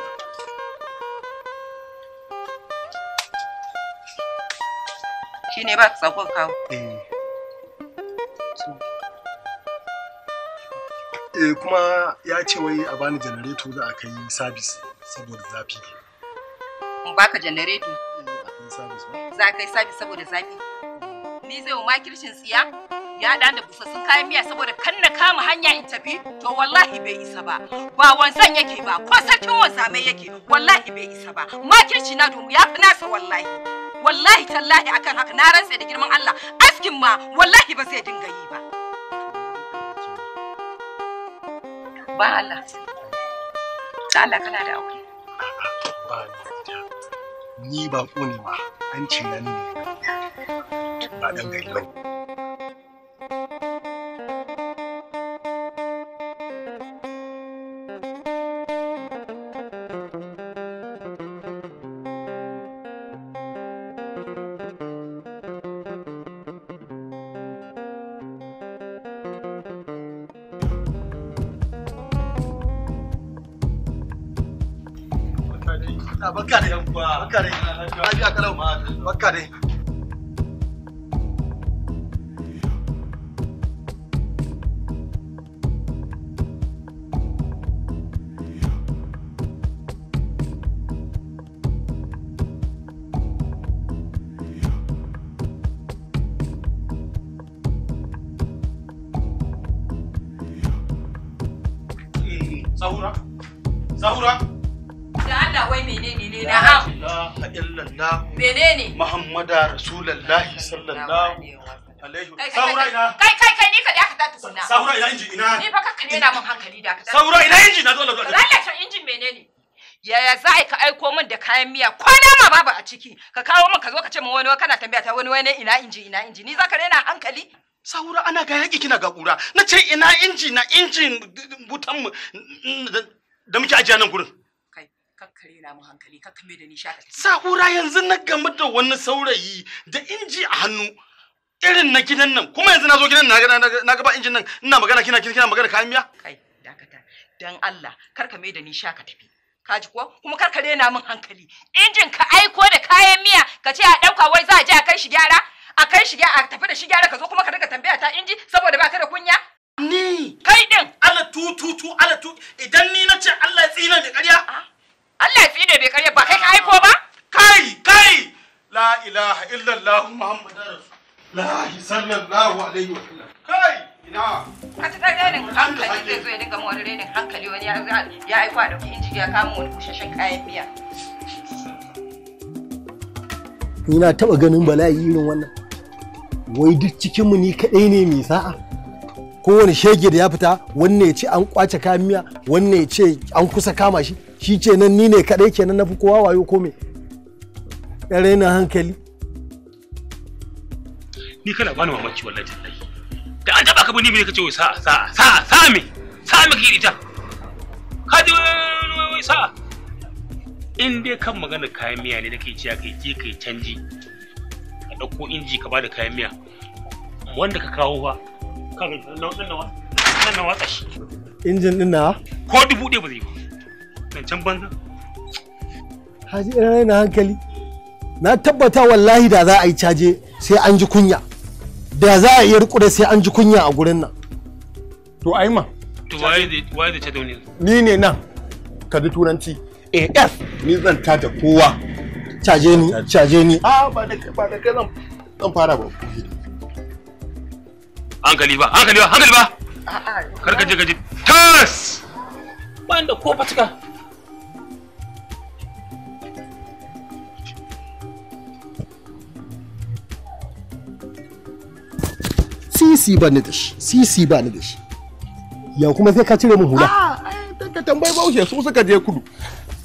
Speaker 5: ba sakon kawo.
Speaker 3: Eh. Eh, kuma ya ce wai a bani janareto da aka yi sabis saboda zafi
Speaker 5: in baka janareto eh, za ka yi sabis saboda zafi ni zai wa makircin tsiya ya da da busassun kayan miya saboda kan na kama hanya in tafi to wallahi bai isa ba ba wansan yake ba ko sarkin mai yake wallahi bai isa ba makirci na domin ya fi nasa wallahi wallahi tallahi akan haka na rantse da girman Allah askin ma wallahi ba zai dinga yi ba ba Allah da Allah kana da aure
Speaker 3: ba ni ba ko ne ma an ce nan ne ba dan gari ba barka dai. Lafiya kalau ma. muhammada rasulullahi sallallahu alaihi saura ina
Speaker 5: kai kai kai ni ka da ka ta tsuna saura ina inji ina ni fa ka kare na mun hankali da ka saura ina inji na dole dole lalacin injin menene yaya za ka aiko min da kayan miya ko ma babu a ciki ka kawo min ka zo ka ce min wani kana tambaya ta wani wani ina inji ina inji ni za ka rena hankali
Speaker 3: saura ana ga yaƙi kina ga kura na ce ina inji na injin butan mu da muke ajiya nan gurin hankali ka kame da ni sha sa'ura yanzu na gamu da wani saurayi da inji a hannu irin na gidan nan kuma yanzu na zo gidan na gaba injin nan ina magana kina kina magana kayan miya kai dakata
Speaker 5: dan Allah kar ka da ni sha ka tafi ka ji kuma kar ka rena min hankali injin ka aiko da kayan miya ka ce a dauka wai za a je a kai shi gyara a kai shi gyara a tafi da shi gyara ka zo kuma ka riga tambaya ta inji saboda ba ka da kunya ni kai din ala tu tu tu ala tu idan ni na ce Allah ya tsina ni ƙarya ah. Allah ya da bai karya ba kai ka haifo ba
Speaker 3: kai kai la ilaha illallah muhammadar rasulullah sallallahu alaihi wa sallam kai
Speaker 5: ina a ta dan renin hankali zai zo ya dinga mu wani renin hankali wani ya ya aiko a dauki inji ya kama wani kushashen kayan miya
Speaker 3: Ina na taba ganin bala'i irin wannan wai duk cikinmu ni kaɗai ne mai sa'a kowane shege da ya fita wannan ya ce an kwace kayan miya wannan ya ce an kusa kama shi shi ce nan ni ne kadai kenan na fi kowa wayo ko me ya raina hankali ni kana bani mamaki wallahi tallahi da an taba ka bani ne kace wai sa sa'a sa'a sa'a me sa'a me ki ita ka ji wai sa'a in dai kan magana kayan miya ne nake ciya kai je kai canji ka dauko inji ka bada kayan miya wanda ka kawo ba ka ga nan nan watsa shi injin din na ko dubu ɗaya ba zai ba can banza. Haji ina raina hankali. Na tabbata wallahi da za a yi caje sai an ji kunya. Da za a iya rikure sai an ji kunya a gurin nan. To ai ma. To waye da ce da Ni ne nan. Ka ji turanci. AF ni zan taja kowa. Caje ni, caje ni. A ba da ba da kai zan fara ba. Hankali ba, hankali ba, hankali ba. A'a. Kar ka je ka je. Tas! Ban da ko fatika. sisi ba ni da shi sisi ba ni da shi ya kuma sai ka cire mu hula ka ah, tambayi baushe su suka je kudu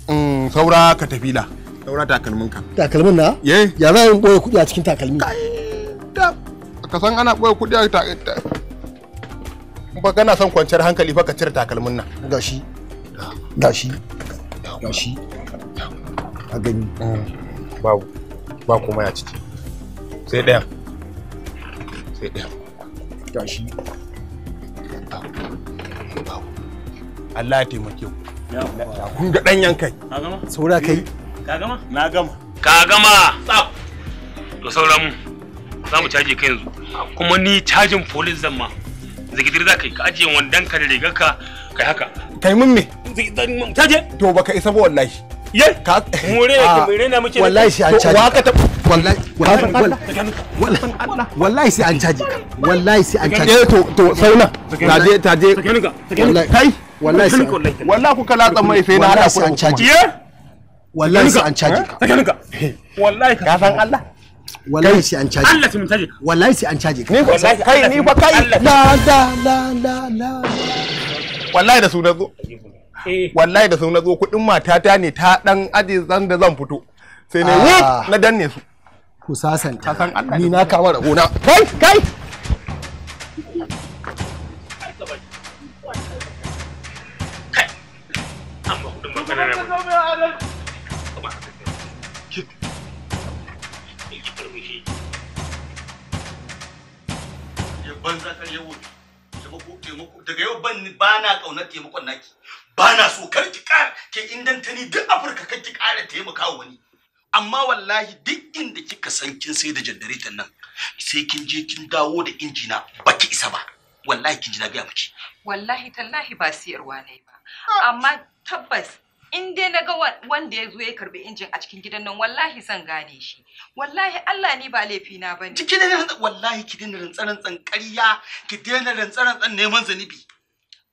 Speaker 3: mm, saura ka tafi la saura takalmin ka takalmin na ye ya za in boye kudi a cikin takalmi ka san ana boye kudi a ba kana son kwanciyar hankali fa ka cire takalmin nan gashi gashi gashi a gani mm, babu ba kuma ya ciki sai ɗaya sai ɗaya shi Allah ya taimake ku kun ga danyen kai saura kai ka gama na gama ka gama tsaf to saura mu za mu caje kai yanzu kuma ni cajin police zan ma zigidir za ka yi ka ajiye wandan ka da rigar ka kai haka kai mun me mun caje to baka isa ba wallahi ye ka mure ki ah. mure na muke wallahi shi an caje waka ta wallahi wallahi wallahi sai an caji ka wallahi sai an caji eh, to to sauna ta je ta je kai wallahi sai wallahi kuka latsa mai sai na hada an caji eh? wallahi sai an caji ka wallahi ka san Allah wallahi sai an caji Allah sai caji wallahi sai an caji ni kai ni fa kai la la la la la wallahi da su na zo eh. wallahi da su zo kudin matata ne ta dan aji zan da zan fito sai ne ah. na danne su ku sasanta ni na kawo da gona kai kai daga yau ba na ƙaunar taimakon naki ba na so kar ki ƙara ke indanta ni duk afirka kar ki ƙara taimaka wani amma wallahi duk inda kika san kin sai da janareton nan sai kin je kin dawo da injina baki isa ba wallahi kin ji na gaya miki
Speaker 5: wallahi tallahi ba siyarwa ne ba ah. amma tabbas in dai na ga wanda ya zo ya karbi injin a cikin gidan nan wallahi zan gane shi wallahi Allah ni ba laifi na bane
Speaker 3: ki daina wallahi ki daina rantsan rantsan ƙarya ki daina rantsan rantsan neman zanibi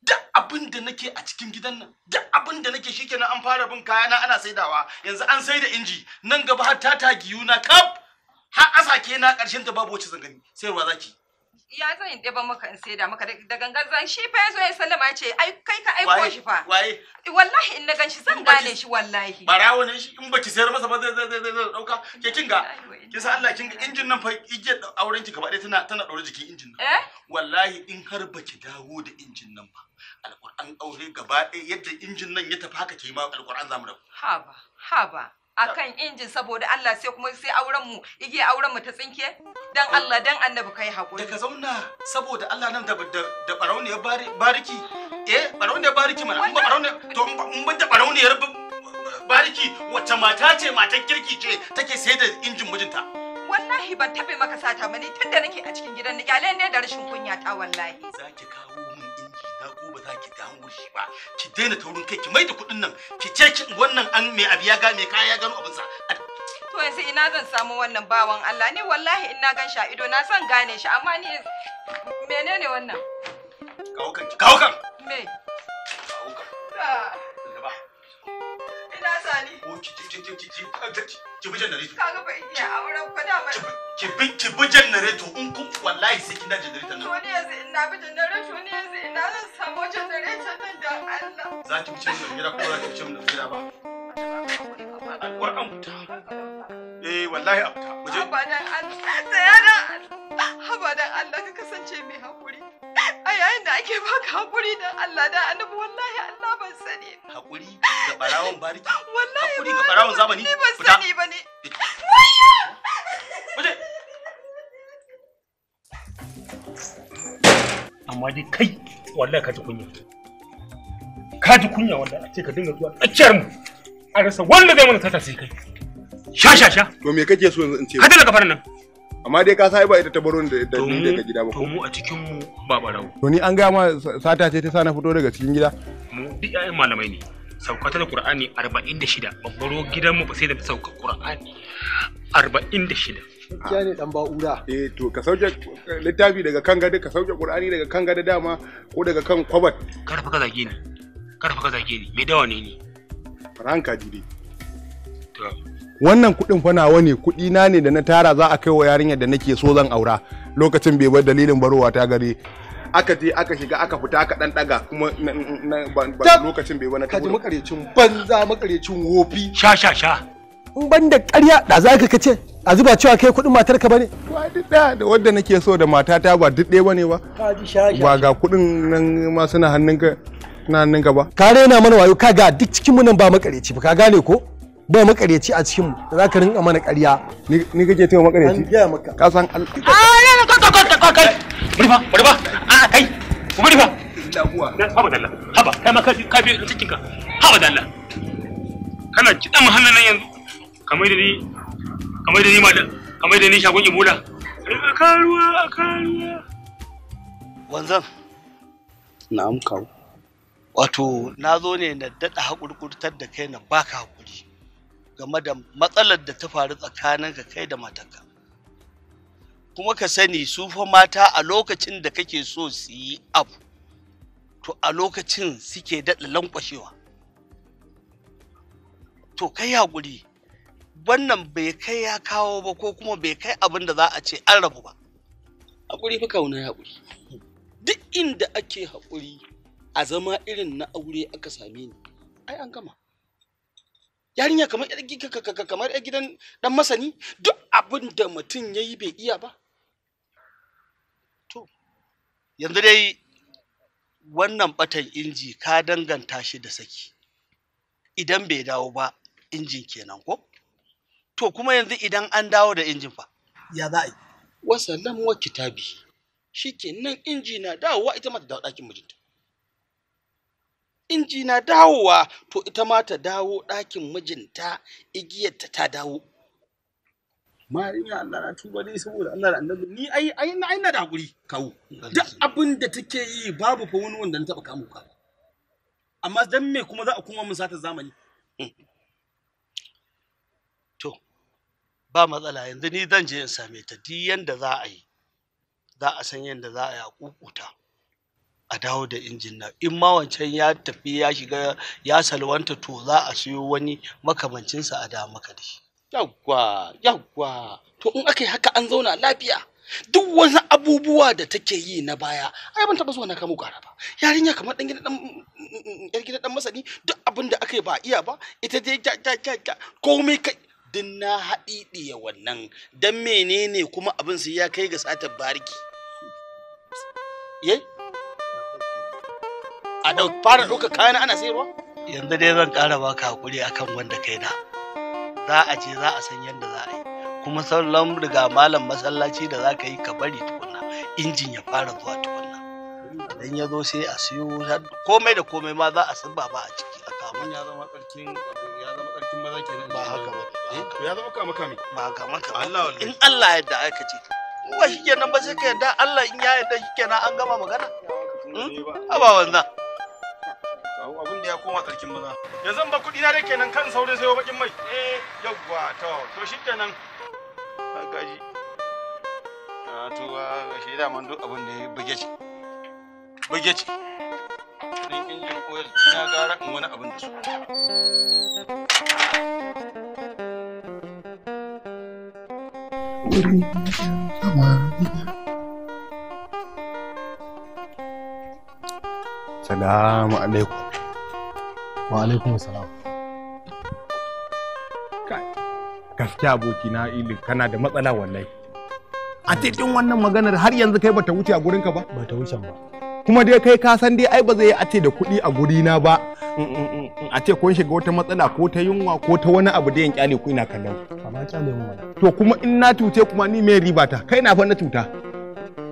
Speaker 3: duk abin da nake a cikin gidan nan duk abin da nake shikenan an fara bin kayana ana saidawa yanzu an saida inji nan gaba har ta tagiyu na kap? har asake na karshen ta babu wacce zan gani sai ruwa zaki
Speaker 5: ya zan yi ɗiban maka in saida maka da gangan zan shi fa yazo ya sallama ya ce ai kai ka aiko shi fa waye wallahi in na ganshi zan gane shi wallahi
Speaker 3: barawo ne shi in baki sayar masa ba zai zai zai zai dauka ke kin ga ki san Allah kin ga injin nan fa ije auren ki gaba ɗaya tana tana daure jikin injin nan eh? wallahi in har baki dawo da injin nan ba alƙur'an aure gaba ɗaya yadda injin nan ya tafi haka ke ma alƙur'an zamu rabu
Speaker 5: haba haba akan injin saboda Allah sai kuma sai auren mu ige auren mu ta tsinke dan Allah dan annabi kai hakuri daga zauna
Speaker 3: saboda Allah nan da da eh, barauniyar bariki eh ya bariki mana amma barauniyar to mun ban da barauniyar bariki wacce mata ce matan kirki ce take sayar da injin mijinta
Speaker 5: wallahi ban tabe maka sata mani tunda nake a cikin gidan ni kyale ne da rashin kunya ta wallahi
Speaker 3: zaki kawo za ki dawo shi ba ki daina taurin kai ki mai da kuɗin nan ki ce ki wannan an mai abu ya ga mai kaya ya gano abinsa
Speaker 5: to yanzu ina zan samu wannan bawan Allah ni? wallahi ina gan sha ido na san gane shi amma ni menene wannan kawo kan ki? kawo kan me kawo kan
Speaker 3: ina sani ko ki ki ki ki ki ki ki ki ki ki ki ki ki ki
Speaker 5: ki ki ki ki
Speaker 3: ki bi ki bi generator in kun wallahi sai da generator nan.
Speaker 5: yanzu ina bi generator ne yanzu ina zan samu generator nan da Allah.
Speaker 3: Za ki wuce mu gida ko za ki wuce mu gida ba. Alwar an fita. Eh wallahi a
Speaker 5: Mu je. Abadan Allah da Abadan Allah ka kasance mai hakuri. A yayin da ake baka hakuri dan Allah da annabi wallahi Allah ban sani.
Speaker 3: Hakuri ga barawon bariki.
Speaker 5: Wallahi hakuri ga barawon zamani. Ni ban sani ba
Speaker 3: amma dai kai wallahi ka ji kunya ka ji kunya wallahi a ce ka dinga zuwa tsakiyar mu a rasa wanda zai mana tata sai kai sha sha sha to me kake so yanzu in ce ka daga kafar nan amma dai ka sai ba ita ta baro da da ni ka gida ba ko mu a cikin mu ba barawo to ni an ga ma sata ce ta sa na fito daga cikin gida mu duk ƴaƴan malamai ne saukatar Qur'ani 46 ban baro gidanmu ba sai da sauka Kur'ani. 46 gaskiya ne dan ba'ura eh to ka sauke littafi daga kan gada ka sauke ƙur'ani daga kan gada dama ko daga kan kwabat karfa ka zage ni karfa ka zage ni me dawa ne ni ranka jide to wannan kuɗin fa nawa ne kuɗi na ne da na tara za a kai wa yarinyar da nake so zan aura lokacin bai bar dalilin barowa ta gare aka je aka shiga aka fita aka dan daga kuma lokacin bai wani kaji makarecin banza makarecin wofi sha sha sha in ban da ƙarya da za ka kace a zuba cewa kai kuɗin matar ka bane ba duk da wanda nake so da matata ba duk ɗaya bane ba ba ga kuɗin nan ma suna ka na hannun ka ba ka rena mana wayo ka ga duk cikin mu nan ba makareci ba ka gane ko ba makareci a cikin mu za ka rinka mana ƙarya ni kake taimaka makareci ka san Allah bari fa bari fa a kai ku bari fa haba dalla haba kai ma ka ka bi cikin ka haba dalla kana kidan mahallan nan yanzu kamar da ni kamar da ni ma kamar da ni shagon ibola a karuwa a karuwa wanzan na'am kawo wato na zo ne na daɗa haƙurƙurtar da kai na baka haƙuri game da matsalar da ta faru tsakaninka kai da matarka kuma ka sani su fa mata a lokacin da kake so su yi abu to a lokacin suke daɗa lankwashewa to kai haƙuri wannan bai kai ya kawo ba ko kuma bai kai abin da za a ce an rabu ba haƙuri fi kauna haƙuri duk inda ake haƙuri a zama irin na aure aka same ni ai an gama yarinya kamar yar gidan dan masani duk abin da mutum ya yi bai iya ba yanzu dai wannan batan inji ka danganta shi da saki idan bai dawo ba injin kenan ko to kuma yanzu idan an dawo da injin fa ya za a yi wasallam wa kitabi shi nan inji na dawowa ita ma ta dawo ɗakin mijinta inji na dawowa to ita ma ta dawo ɗakin mijinta igiyarta ta dawo mariya Allah na tuba dai saboda Allah da annabi ni ai ai na ina da hakuri kawo duk abin da take yi babu fa wani wanda na taba kamu ka amma dan me kuma za a kuma mun sata zamani to ba matsala yanzu ni zan je in same ta duk yanda za a yi za a san yanda za a yi a kukuta a dawo da injin na. in ma wancan ya tafi ya shiga ya salwanta to za a siyo wani makamancinsa a da maka da shi yawwa yawwa to in aka yi haka an zauna lafiya duk wani abubuwa da take yi na baya ai ban taba zuwa na kamo gara ba yarinya kamar dan gida dan yar gida dan masani duk abin da aka yi ba iya ba ita dai ja ja ja ja komai kai din na haɗi wannan dan menene kuma abin sai ya kai ga satar bariki ye a fara ɗauka kayan ana sayarwa yanzu dai zan ƙara baka hakuri akan wanda kai na za a je za a san yadda za a yi kuma sauran riga malam masallaci da za ka yi ka bari tukuna injin ya fara zuwa tukuna idan ya zo sai a siyo komai da komai ma za a san ba a ciki a kamun ya zama ya zama maza ba haka ba eh, ya zama kama kame ba kama kame Allah wallahi in Allah ya yarda aka ce ba shi ba sai ka yarda Allah in ya yarda shi an gama magana hmm? ba wannan abin da ya koma tsarkin maza ya zan ba kuɗi na da kenan kan saurin sayo bakin mai eh yawwa to to shi kenan gaji a to ga shi da man duk abin da ya buge ci buge ci ɗin injin oil na gara in wani abin da su Salamu alaikum. wa alaikum salam gaskiya aboki na ili kana da matsala wallahi a titin wannan maganar har yanzu kai bata wuce a gurinka ba bata wuce ba kuma dai kai ka san dai ai ba zai yi ace da kuɗi a gurina ba mm, mm, mm, a ce kun shiga wata matsala ko ta yunwa ko ta wani abu da yan kyale ku ina kallon amma kyale mu to kuma in na tuce kuma ni me riba ta kai na fa na tuta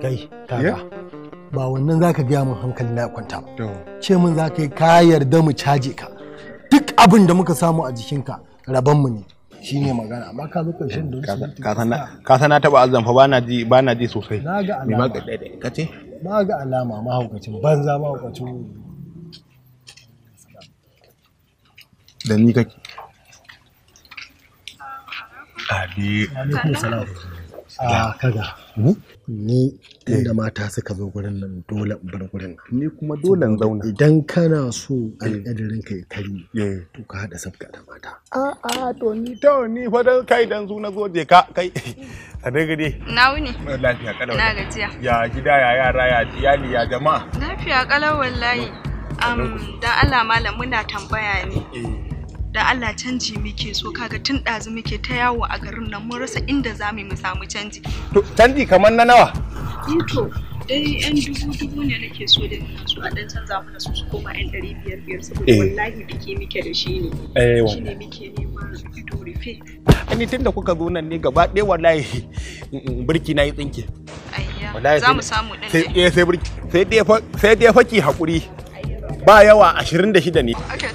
Speaker 3: kai kaga eh? ba wannan za ka gaya mun hankali na kwanta ba ce mun za ka yi ka yarda mu caje ka duk abin da muka samu a jikinka mu ne shi ne magana amma ka zo karshen da ka sana taba azan fa bana ji bana ji sosai na ga alama ka ce na ga alama mahaukacin banza mahaukacin da ni kake Adi. Alaikum salam. a ah, kaga hmm? ni eh. inda mata suka zo gurin nan dole in bar gurin ni kuma dole in zauna idan kana so eh. alƙadarin ka yi kari eh. to ka hada sabga da mata a a to ni to ni fa dan kai dan zuna na zo je ka kai a daga na wuni lafiya kalau na gajiya ya gida ya yara ya iyali ya jama'a
Speaker 5: lafiya kalau wallahi um dan Allah malam muna tambaya
Speaker 3: ne
Speaker 5: da Allah canji muke so kaga tun ɗazu muke ta yawo a garin nan mun rasa inda za mu samu canji.
Speaker 3: To canji kamar na nawa?
Speaker 5: Eh to dai yan dubu dubu ne nake so da nuna su a dan canza mana su su koma yan ɗari biyar biyar saboda eh. wallahi biki muke da shi ne. Eh, shi ne muke neman ido rufe.
Speaker 3: Ani tun da kuka zo nan ne gaba ɗaya wallahi birki na yi tsinke. za mu samu ɗin. Sai sai birki sai dai faki haƙuri. Ba yawa ashirin da shida ne.
Speaker 5: Ake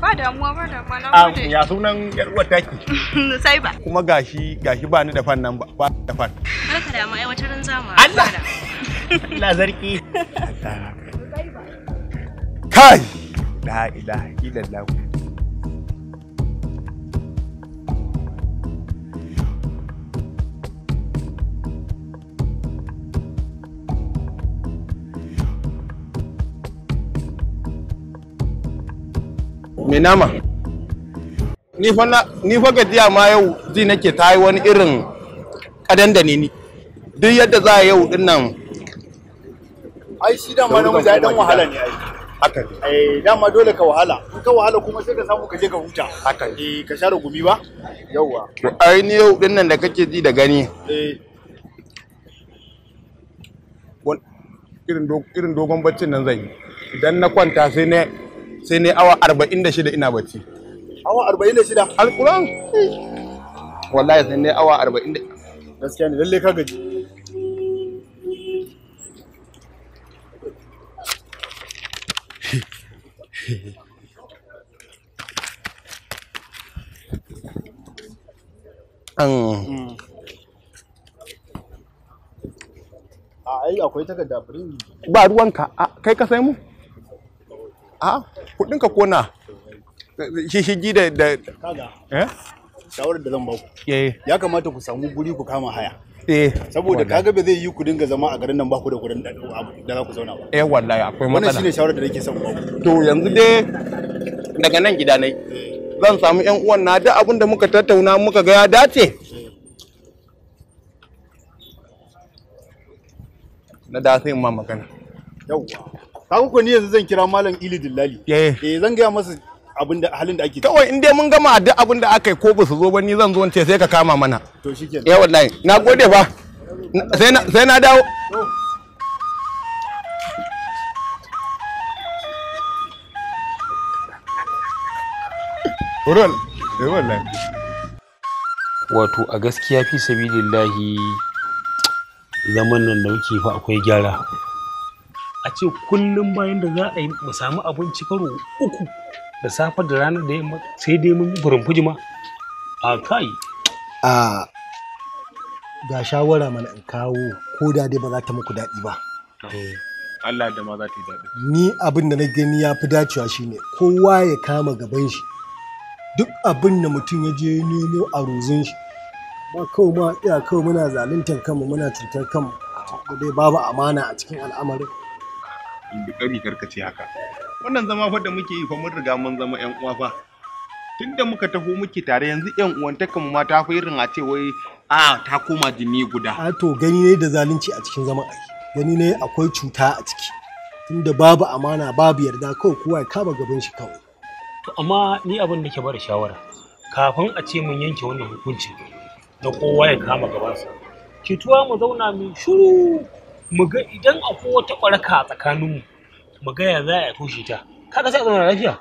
Speaker 5: Ba damuwa ba damuwa na gode. Ya
Speaker 3: sunan yar uwar taki. [laughs] Sai ba. Kuma gashi gashi ba ni da fan nan ba ba da fan.
Speaker 5: Barka da mu aiwatarin zama Allah.
Speaker 3: Allah zarki. [laughs] Kai. La ilaha illallah. mai nama ni fa gajiya ma yau ji nake ta yi wani irin kadan da ni duk yadda za a yau din nan ai shi dama na mujahi dan wahala ne ai haka ne eh dama dole ka wahala in ka wahala kuma sai ka samu ka je ka huta haka eh ka share gumi ba yawa to ai ni yau din nan da kake ji da gani eh irin dogon baccin nan zan yi idan na kwanta sai na sai ne awa 46 ina bacci awa 46 alquran wallahi sai ne awa 40 gaskiya ne lalle ka gaji hmm. a ai akwai takarda ba ruwanka kai ka sai mu a ah, kudin ka kona shishigi da da eh shawarar da zan ba ku eh. ya kamata ku samu guri ku kama haya eh. saboda kaga ba zai yi ku dinga zama a garin nan ba ku da gurin da za ku zauna ba eh wallahi akwai matsala wannan shine shawarar da nake son ba to yanzu dai daga nan gida nai eh. zan samu yan uwan na da abin da muka tattauna muka ga ya dace na da sai ma magana yauwa kaga ko ni yanzu zan kira malam Ili Dillali eh, eh zan gaya masa abin da halin da ake kawai in dai mun gama duk abin da aka yi ko ba su zo ba ni zan zo ce sai ka kama mana to shikenan eh wallahi na gode fa sai na sai na dawo Urol, eh wallahi. Wato a gaskiya fi sabilillahi zaman nan da muke fa akwai gyara. a ce kullum bayan da za a yi mu samu abinci karo uku da safe da rana da yamma sai dai mun burin fujima a kai a ga shawara mana in kawo ko da dai ba za ta muku daɗi ba eh. Allah da ma za ta yi daɗi ni abin da na gani ya fi dacewa shine kowa ya kama gaban shi duk abin da mutum ya je nemo a rozin shi ba kawai ma iya kawai muna zaluntar kanmu muna cutar kanmu dai babu amana a cikin al'amarin ki karka karkace haka wannan zama fa da muke yi fa mun riga mun zama yan uwa fa tunda muka taho muke tare yanzu yan uwantaka mu ma ta fa irin a ce wai a ta koma jini guda a to gani ne da zalunci a cikin zaman aiki, gani ne akwai cuta a ciki tunda babu amana babu yarda kawai kowa ya kama gaban shi kawai to amma ni abin da ke bada shawara kafin a ce mun yanke wannan hukunci da kowa ya kama gabansa ki tuwa mu zauna mu shiru mu ga idan akwai wata ƙwarka a tsakaninmu mu ga ya za a toshe ta kaga sai a lafiya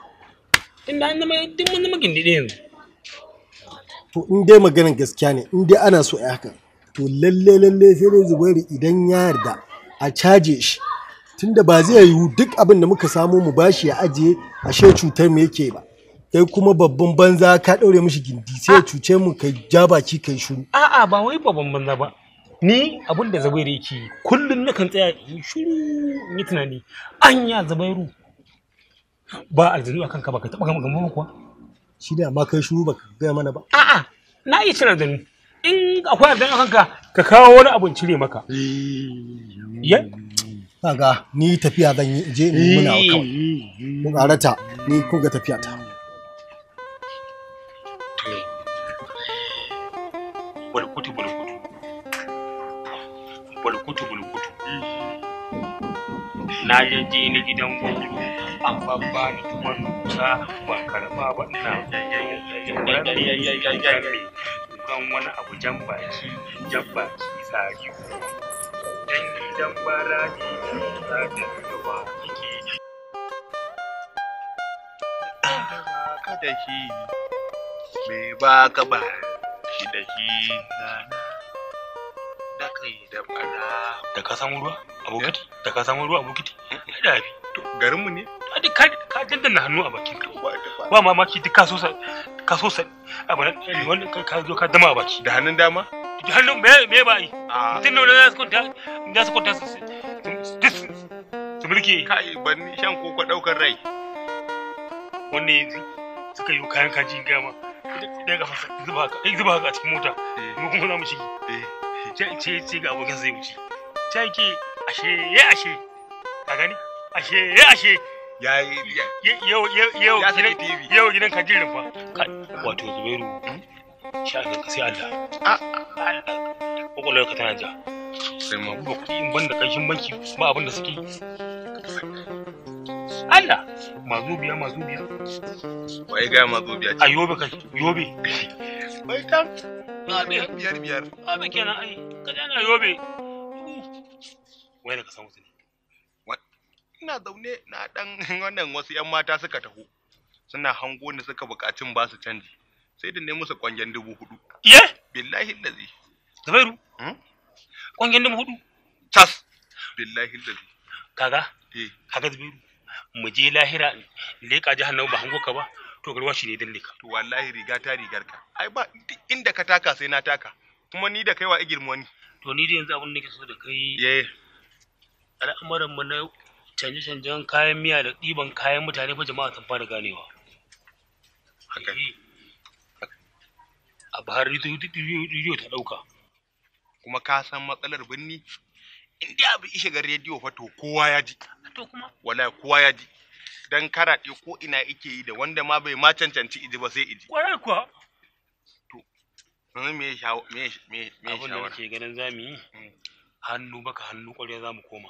Speaker 3: tun da an zama duk mun zama gindi yanzu to in dai maganar gaskiya ne in dai ana so a haka to lalle lalle sai dai zubairu idan ya yarda a caje shi tunda ba zai yiwu duk abin da muka samu mu bashi ya ajiye a ashe cutar mu yake ba kai kuma babban banza ka ɗaure mishi gindi sai ya cuce mu kai ja baki kai shuru a'a ba wai babban banza ba ni abin da zabairu yake kullum kan tsaya in shiru in yi tunani anya zabairu ba aljanu akan ka baka taba gama kuwa shi da ma kai shiru baka gaya mana ba a'a na iya cire aljanu in akwai aljanu akan ka ka kawo wani abin cire maka ya ga ni tafiya zan yi je in muna kawai mun arata ni ga tafiya ta alaji na gidan gwamnati an babba ni tuwon kusa ban karba ba ina kan wani abu jan baki jan baki tsari dan gidan bara ta da gaba yake ka da ba ba shi shi da kai da da ka samu ruwa da ka samu ruwa dari to garinmu ne a duk ka ka dandana hannu a bakin ka ba mamaki duk ka so ka so abu wannan eh, ka ka zo ka dama a baki da hannun dama da hannun me me ba yi ah. tun nan za su kwanta za su kwanta su su mulki kai ban ni shan koko daukar rai wannan yanzu suka yi kayan kaji gama da ga fasa zuba ka ai zuba ka a cikin mota eh. mu kuma za mu shige ce eh. ce ga abokin zai wuce ce yake ashe ya ashe ka gani Eh, ashe ya ashe yau yau yau gidan fa wato zubairu hmm? shafin ga sai Allah kwakwalwar ka tana ja sai ma kuma kuɗi in banda ƙarshen banki ba abin da suke Allah mazubiya mazubiya wai ga mazubiya a yobe yobe biyar biyar a kenan ai ka jana yobe wai ka samu ina zaune na dan [laughs] wannan wasu yan mata suka taho suna hango ni suka bukacin ba su canji sai da ne musu kwangen dubu hudu ye billahi lazi zubairu kwangen hmm? dubu hudu tas billahi lazi kaga eh. kaga zubairu mu je lahira leka jahannama ba hango ka ba to garwa shi ne dalle ka to wallahi riga ta rigar ka ai ba inda ka taka sai na taka kuma ni da kaiwa igirmu wani to ni da yanzu abin da nake so da kai al'amuran mu na canje-canjen kayan miya da ɗiban kayan mutane fa jama'a sun fara ganewa. A Bahar rediyo ta ɗauka. Kuma ka san matsalar birni? inda abu ishe ga rediyo fa to kowa ya ji. To kuma? kowa ya ji. Dan karaɗe ko ina ike yi da wanda ma bai ma cancanci iji ba sai iji. Kwarai kuwa. To, nan me ya Abin da nake ganin za mu yi, hmm. hannu baka hannu kwarai za mu koma.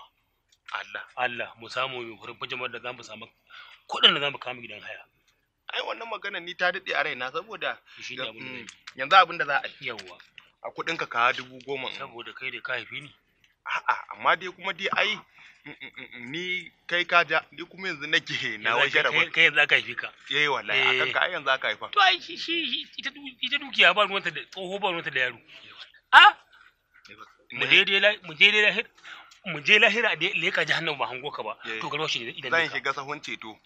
Speaker 3: Allah Allah mu samu mu furfin jama'ar da zamu samu kuɗin da zamu kama gidan haya ai wannan magana ni ta dade a raina saboda mm, yanzu abin da za a yawa a kuɗin ka kawo dubu goma saboda kai da ka haifi ni a'a amma dai kuma dai ai mm, mm, ni kai ka ja ni kuma yanzu nake na waje raba kai yanzu aka haifi ka eh wallahi akan ka ai yanzu aka haifa to ai shi shi ita dukiya ba ruwanta da tsoho ba ruwanta da yaro eh, a ah! eh, mu daidai mu daidai mu je lahira da ya leka jahannama ba hango ka ba eh. to garba shi idan zan shiga sahun ceto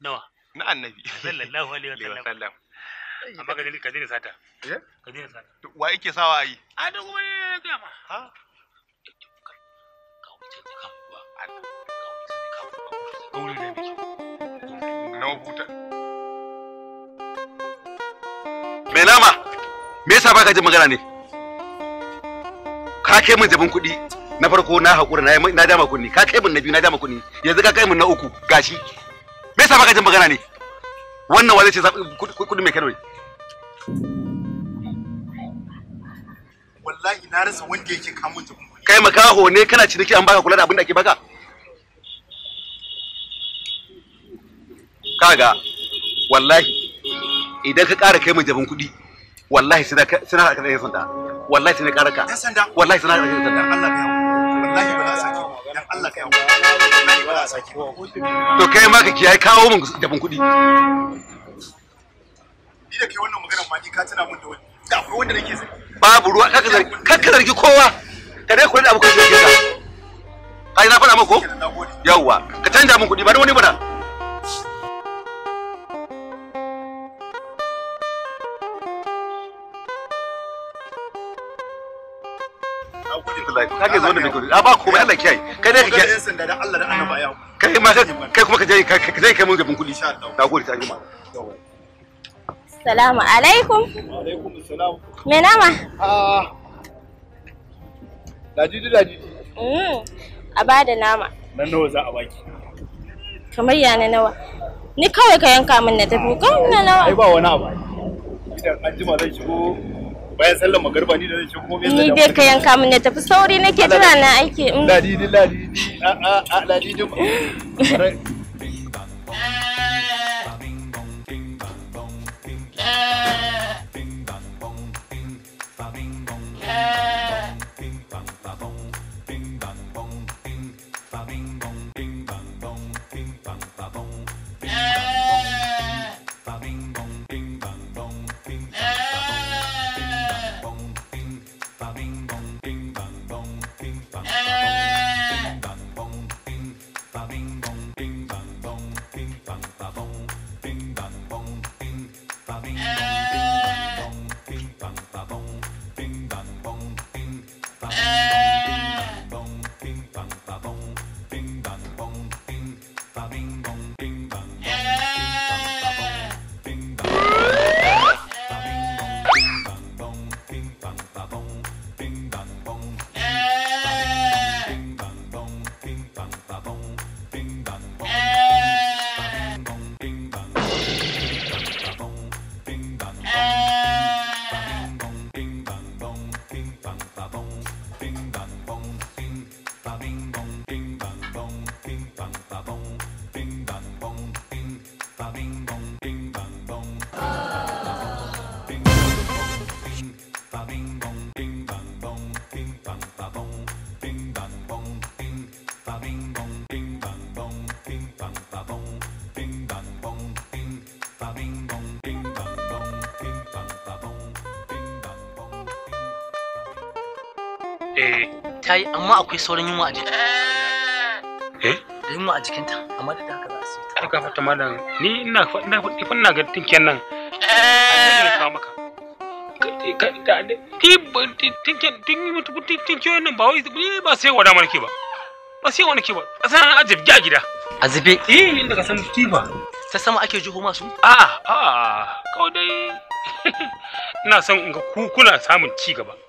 Speaker 3: nawa na annabi [laughs] sallallahu alaihi wa sallam amma ka ka kadin sata eh kadin sata wa yake sawa ai a da kuma ne ga ma ha Me nama? Me yasa baka ji magana ne? ka kai min zabin kuɗi na farko na haƙura na na dama kunni ka kai min na biyu na dama kunni yanzu ka kai min na uku gashi me yasa baka jin magana ne wannan wa zai ce kuɗi mai kano ne wallahi na rasa wanda yake kamun jabin kuɗi kai makaho ne kana ciniki an baka kula da abin da ake baka kaga wallahi idan ka ƙara kai min jabin kuɗi wallahi sai na ka ɗaya sanda wallahi sai na ƙara ka wallahi sai na ƙara ka Allah ka wallahi ba za a saki dan Allah ka wallahi ba za a saki to kai ma kawo dabin kuɗi ni da kai wannan ma ni ka tana mun da wani da akwai wanda nake zargi babu ruwa kaka zargi kaka zargi kowa da abokan ka ai na faɗa yawwa ka canja kuɗi ba da wani wallahi zo da a ba Allah kiyaye kai ne da Allah da annaba kai ma kai kuma ka je ka je kai mun gaban kudi Allah nagode ta jima
Speaker 5: Assalamu alaikum.
Speaker 3: Wa alaikum assalam. Me nama? Ah. Dajiji dajiji. Mm. A
Speaker 5: bada nama.
Speaker 3: Nan nawa za a baki?
Speaker 5: Kamar ya na nawa. Ni kawai ka yanka min na tafi ko na nawa? Ai ba
Speaker 3: wani abu. shigo bayan sallar magarba ni da zai shigo ni dai ka
Speaker 5: yanka min na tafi sauri nake jira na aiki
Speaker 3: Yeah. ta yi amma akwai sauran yunwa a jikin eh yunwa a jikinta amma da haka za su yi ta ka fata malam ni ina ina ina ga tinken nan ka mutu maka tinken tinken nan ba wai ba sai wada ke ba ba sai wani ke ba a sanar azib ga gida azibe eh inda ka san ba ta sama ake jiho masu a a kawai dai [laughs] ina son in ga ku kuna samun ci gaba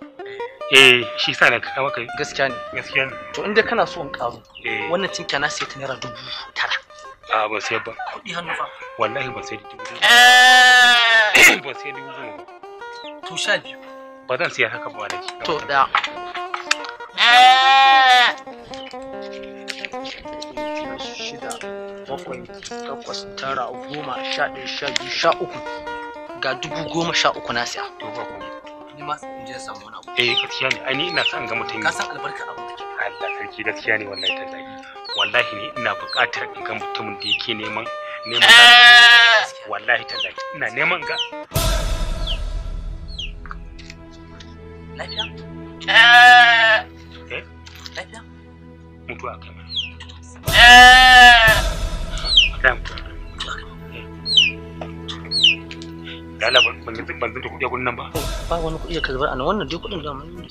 Speaker 3: eh shi sa na kawo maka gaskiya ne gaskiya ne to inda kana so in karu eh. wannan tinka na sai ta naira dubu tara a ah, ba sai ba kuɗi hannu fa wallahi ba sai dubu ba sai dubu goma eh! [coughs] to sha biyu ba zan siya haka ba da to da eh! shida bakwai takwas tara goma sha ɗaya sha biyu sha uku ga dubu goma sha uku na siya ni ma in je samu wani abu eh gaskiya ne ina son ga mutum ka san albarka abu Allah sarki gaskiya ne wallahi tallahi wallahi ne ina buƙatar in ga mutumin da yake neman neman eh! wallahi tallahi ina neman ga lafiya eh lafiya mutuwa kai Eh. eh Dala ban yi ban zuba kuɗi a nan ba. Ba wani kuɗi da ka zubar a nan wannan duk kuɗin da mun yi.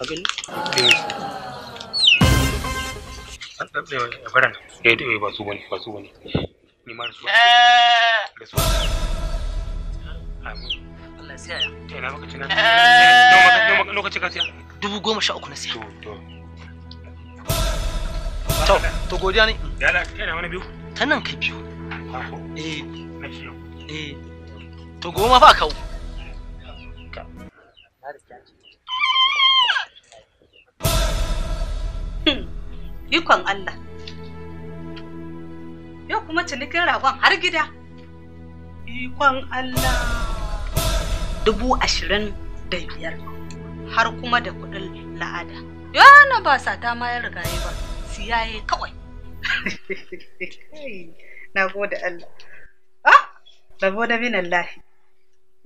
Speaker 3: A gani? ya fara nan. Ya eh, yi ba su ba su Ni ma da su. Da su. Allah ya siya. Ta ka siya. Dubu goma sha uku na siya. To, to godiya ne. na wani biyu. Ta nan kai biyu. eh eh to goma fa kawo
Speaker 4: hmm, ikon Allah yau kuma cinikin ragon har gida ikon Allah dubu ashirin da biyar har kuma da kuɗin la'ada yana ba sata ma ya riga ba siyaye kawai [laughs] na gode Allah ah rabo da min Allah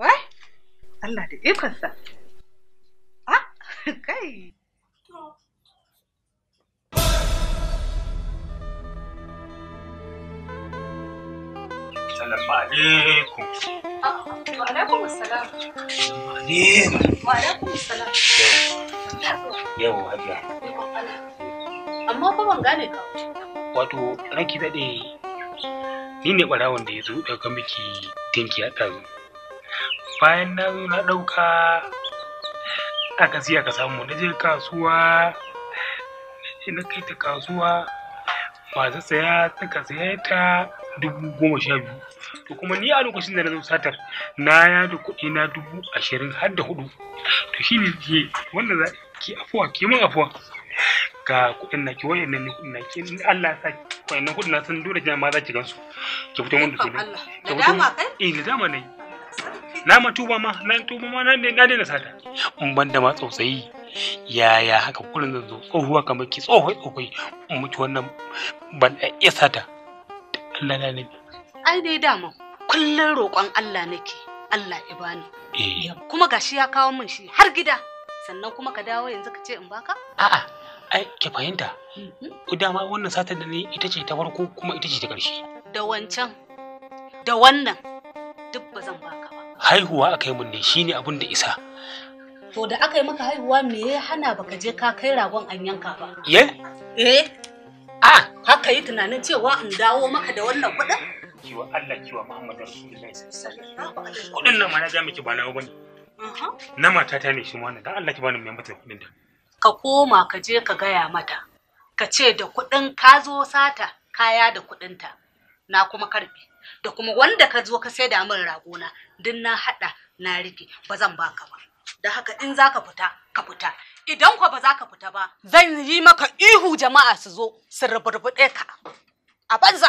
Speaker 4: wai Allah da ikonsa ah [laughs] kai ah,
Speaker 3: Salam alaikum.
Speaker 4: Wa alaikum assalam. Wa alaikum assalam. Yau hajiya. Amma fa ban gane ka.
Speaker 3: Wato ranki daɗe ni ne ɓarawon da ya zo ɗauka miki tinki a ɗazu bayan na zo na ɗauka aka siya ka samu na je kasuwa na kai ta kasuwa masu saya suka saya ta dubu goma sha biyu to kuma ni a lokacin da na zo satar na ya da kuɗi na dubu ashirin har da hudu to shi ne ke wanda za ki afuwa ke min afuwa ga kuɗin naki wayannan ne kuɗin naki in Allah ya sa wayannan kuɗin na sun dole jama'a za ki gansu ki fito mun da su ne da dama kai eh da dama ne na ma tuba ma na tuba ma na dena sata mun banda ma tsautsayi yaya haka kullum zan zo tsohuwa kamar ki tsohoi tsohoi Mun mutu wannan ban iya sata Allah na ne
Speaker 4: ai dai dama kullum roƙon Allah nake Allah ya bani eh. kuma gashi ya kawo min shi har gida sannan kuma ka dawo yanzu ka ce in baka
Speaker 3: a'a ai ki fahimta
Speaker 4: mm-hmm.
Speaker 3: dama wannan satar da ne ita ce ta farko kuma ita ce ta ƙarshe
Speaker 4: da wancan da wannan duk ba zan baka
Speaker 3: ba haihuwa aka yi mun ne shine abin da isa
Speaker 4: to da aka yi maka haihuwa me ya hana baka je ka kai ragon an yanka ba ye eh a haka yi tunanin cewa in dawo maka da wannan kuɗin
Speaker 3: kiwa Allah kiwa Muhammad Rasulullahi sallallahu alaihi wasallam kuɗin nan ma na ga miki ba nawa ne uh-huh. na matata ne shi ma wannan dan Allah ki bani mai mutum kuɗin da
Speaker 4: ka koma ka je ka gaya mata ka ce da kuɗin ka zo sata kaya da kuɗinta na kuma karbi da kuma wanda ka zo ka da min ragona duk na haɗa na rufe ba zan baka ba da haka in za ka fita ka fita idan ko ba za ka fita ba zan yi maka ihu jama'a su zo su ruburbuɗe ka a banza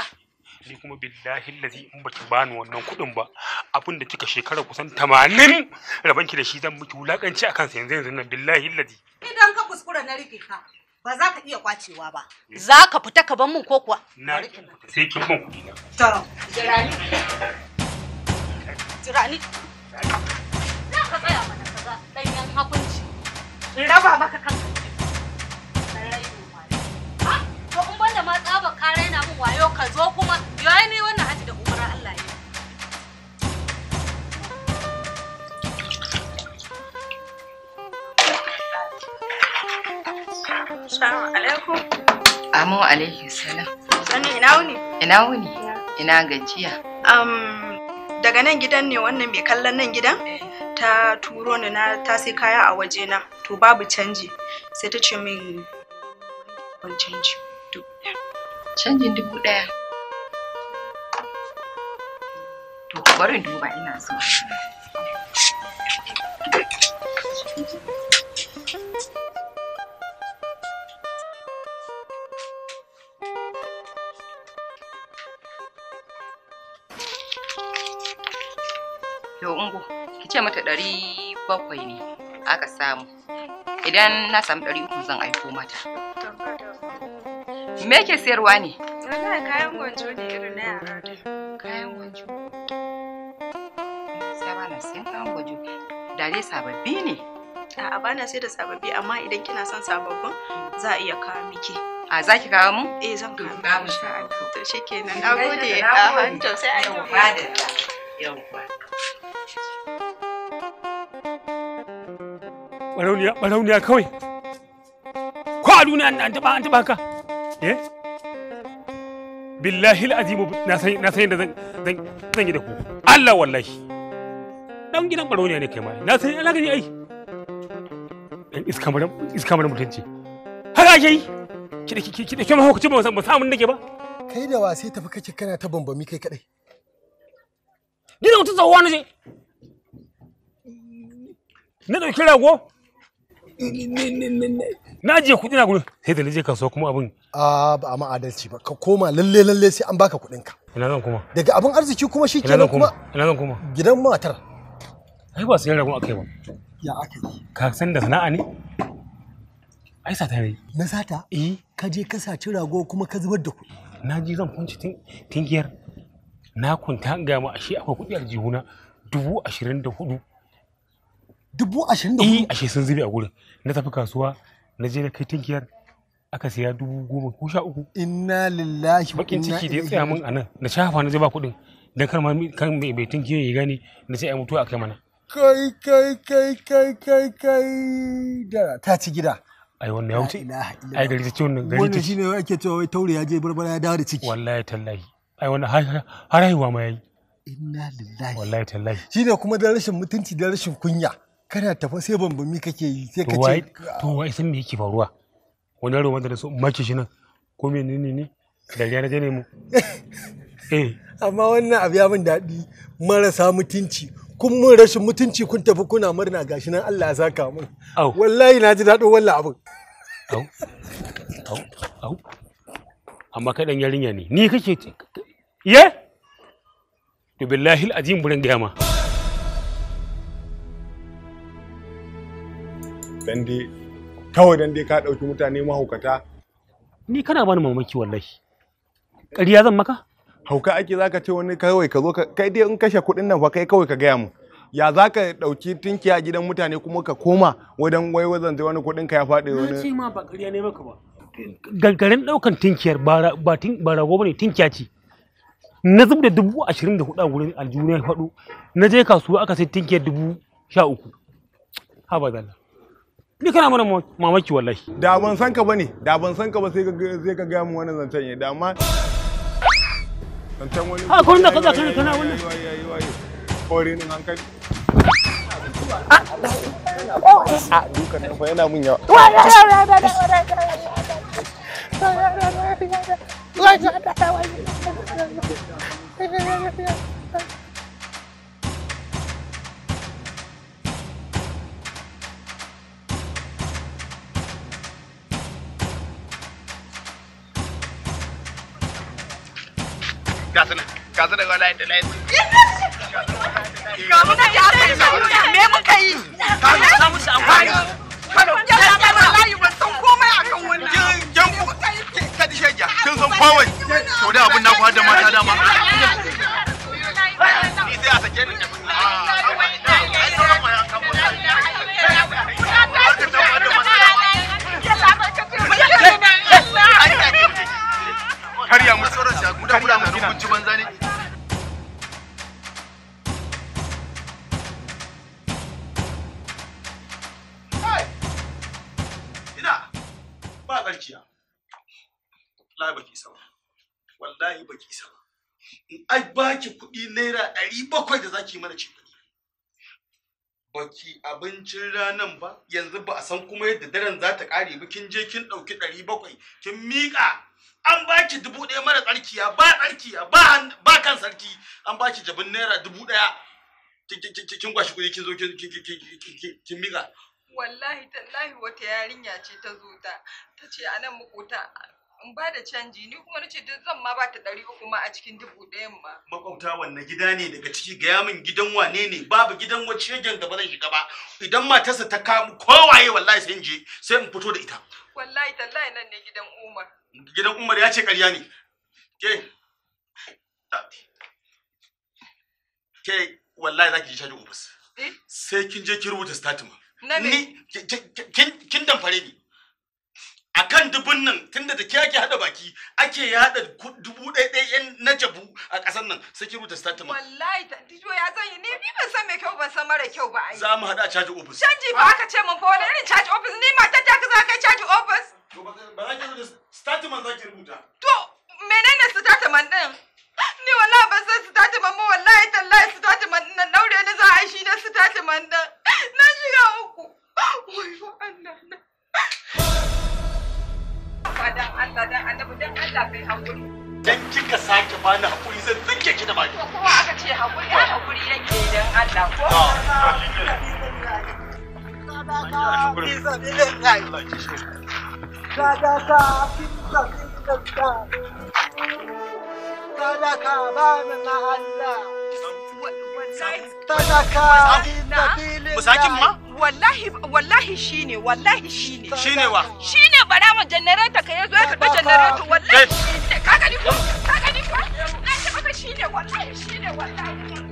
Speaker 3: ni kuma billahi lazi in baki bani wannan kuɗin ba abin da kika shekara kusan tamanin rabanki da shi zan miki wulakanci a kansa yanzu yanzu nan billahi lazi
Speaker 4: idan ka kuskura na rike ka ba za ka iya kwacewa ba za ka fita ka ban min ko kuwa
Speaker 3: na sai kin ban kuɗi na
Speaker 4: to jirani jirani za ka tsaya mana kaga ɗanyen hakunci in raba maka kanka To in banda ma tsaba kare na min wayo ka zo yayi ne wannan haji da umara Allah ya
Speaker 5: Assalamu alaikum. Amin wa alaikum salam. Sani ina wuni? Ina wuni? Ina gajiya. Um, daga nan gidan ne wannan mai kallon nan gidan? Eh. Ta turo ni na ta sai kaya a waje na. To babu canji. Sai ta ce min canji dubu ɗaya. Canjin dubu ɗaya. to bari duba ina so ungo ki ce mata ɗari bakwai ne aka samu idan na samu ɗari uku zan aiko mata me ke sayarwa ne? Wallahi kayan gwanjo ne irin na yara da. kana siyan kayan gwajo dare sababbi ne a'a bana sai da sababbi amma idan kina son sababbin za a iya kawo miki a za ki kawo mu eh zan kawo ka mu sha Allah to shikenan na gode a hanto sai a yi da yawwa
Speaker 3: barauniya barauniya kawai ko a duniya an taba an taba ka eh billahi alazim na san na san da zan zan yi da ku Allah wallahi dan gidan baro ne kai ma na san ina gani ai dan iska mara iska mara mutunci har aje ki da ki ki da kuma hukunci ba mu samu nake ba kai da wasai tafi kace kana ta bambami kai kadai ni da mutum zawwa ne na kira go na je kuɗi na sai da je kasuwa kuma abin a ba a adalci ba ka koma lalle lalle sai an baka kuɗinka ina zan kuma daga abin arziki kuma shi kenan kuma ina zan kuma gidan matar ai ba sayan ragon akai ba ya aka yi ka san da sana'a ne ai sata rai. na sata eh ka je ka saci rago kuma ka zubar da kuɗi na ji zan kunci tingiyar na kunta ga mu ashe akwai kuɗi a jihuna dubu ashirin da hudu dubu ashirin da eh, hudu eh ashe sun zube a gurin na tafi kasuwa na je na kai tingiyar aka siya dubu goma ko sha uku. Inna lillahi bakin ciki da ya tsaya min a nan na shafa na ba kuɗin don kar ma kan mai tinkiyo ya gane na sai ai mutuwa kai mana. kai kai kai kai kai kai da ta ci gida ai wannan ya wuce ai gari ta ci wannan gari ta ci wannan shine wai ake cewa wai taure ya je barbara ya dawo da ciki wallahi tallahi ai wannan har haihuwa ma yayi inna lillahi wallahi tallahi shine kuma da rashin mutunci da rashin kunya kana tafa sai bambami kake yi sai ka ce ah. to wai san me yake faruwa wannan yaro da so maki shi nan ko menene ne dariya na je ne mu [laughs] eh amma wannan abu ya min daɗi marasa mutunci kun mun rashin mutunci kun tafi kuna murna gashi nan Allah ya saka mun wallahi na ji daɗin wallan abin au au au amma kaɗan yarinya ne ni kake ye to billahi al'ajim burin gaya ma dan dai kawai dan dai ka ɗauki mutane mahaukata ni kana bani mamaki wallahi ƙarya zan maka hauka ake zaka ce wani kawai ka zo kai dai in kashe kuɗin nan fa kai kawai ka gaya mu ya za ka ɗauki tinki a gidan mutane kuma ka koma wajen wai wazan wani kuɗin ka ya faɗi wani. Na ce ma ba ƙarya ne maka ba. Gagarin ɗaukan tinkiyar ba rago bane tinkiya ce. Na zub da dubu ashirin da hudu a wurin aljihu ya faɗo. Na je kasuwa aka sai tinkiyar dubu sha uku. Ha ba zalla. Ni kana mana mamaki wallahi. Da ban san ka bane, da ban san ka ba sai ka gaya mu wannan zancen ya da amma. a ah, kurin da kaza kana kana wannan kore a dukan nan fa yana mun ga na ga da layin
Speaker 2: ga muna da aka yi
Speaker 3: me muka yi ka sa musu amfani kada ku ya ga wallahi ban san komai akan wannan jin jan ku ka ja kin san kowai to da abun na ku har da dama abincin ranan ba yanzu ba a san kuma yadda daren za ta kare ba kin je kin ɗauki ɗari bakwai kin miƙa an baki dubu ɗaya mara tsarkiya ba tsarkiya ba kan sarki an baki jabin naira dubu ɗaya kin kwashi kuɗi kin zo kin miƙa
Speaker 5: wallahi tallahi wata yarinya ce ta zo ta ta ce a nan makota in ba da canji ni kuma nace duk zan ma ba ta ɗari uku ma a cikin dubu ɗayan ma.
Speaker 3: Makwabta wanne gida ne daga ciki gaya min gidan wane ne babu gidan wace shegen da ba zan shiga ba idan matarsa ta kamu kowaye wallahi sai in je sai in fito da ita.
Speaker 5: Wallahi tallahi nan ne gidan Umar.
Speaker 3: Gidan Umar ya ce ƙarya ne. Ke. Ke wallahi za ki ji cajin ofis. Eh? Sai kin je ki rubuta statement. Ni kin damfare ni. a kan dubun nan tunda da ke ake hada baki ake hada dubu ɗaya ɗaya na jabu a ƙasar nan sai ruta rubuta statement
Speaker 5: wallahi ta dijo ya zan yi ni ni ban san mai kyau ban san mara kyau ba ai za mu hada a charge office canji ba aka ce mun fa wani irin charge office ni ma ta ta ka za ka charge office
Speaker 3: to ba za ki rubuta statement za ki rubuta
Speaker 5: to menene statement din ni wallahi ban san statement ba wallahi tallahi statement din nan daure ne za a shi da statement din na shiga uku wai fa Allah na dan Allah dan annabi dan Allah kai hakuri
Speaker 3: dan kika sake bani hakuri zan dinke ki da baki
Speaker 5: kuma aka ce hakuri ya hakuri yake dan Allah ko Sadaka bisa bisa Sadaka bana Allah Sadaka inna dilin. Musakin shine wallahi shine. Shine wa? Shine barawa janareta ka yazo ya janareta wallahi shine. Ka gani ko? Ka gani ko? Na ce shine shine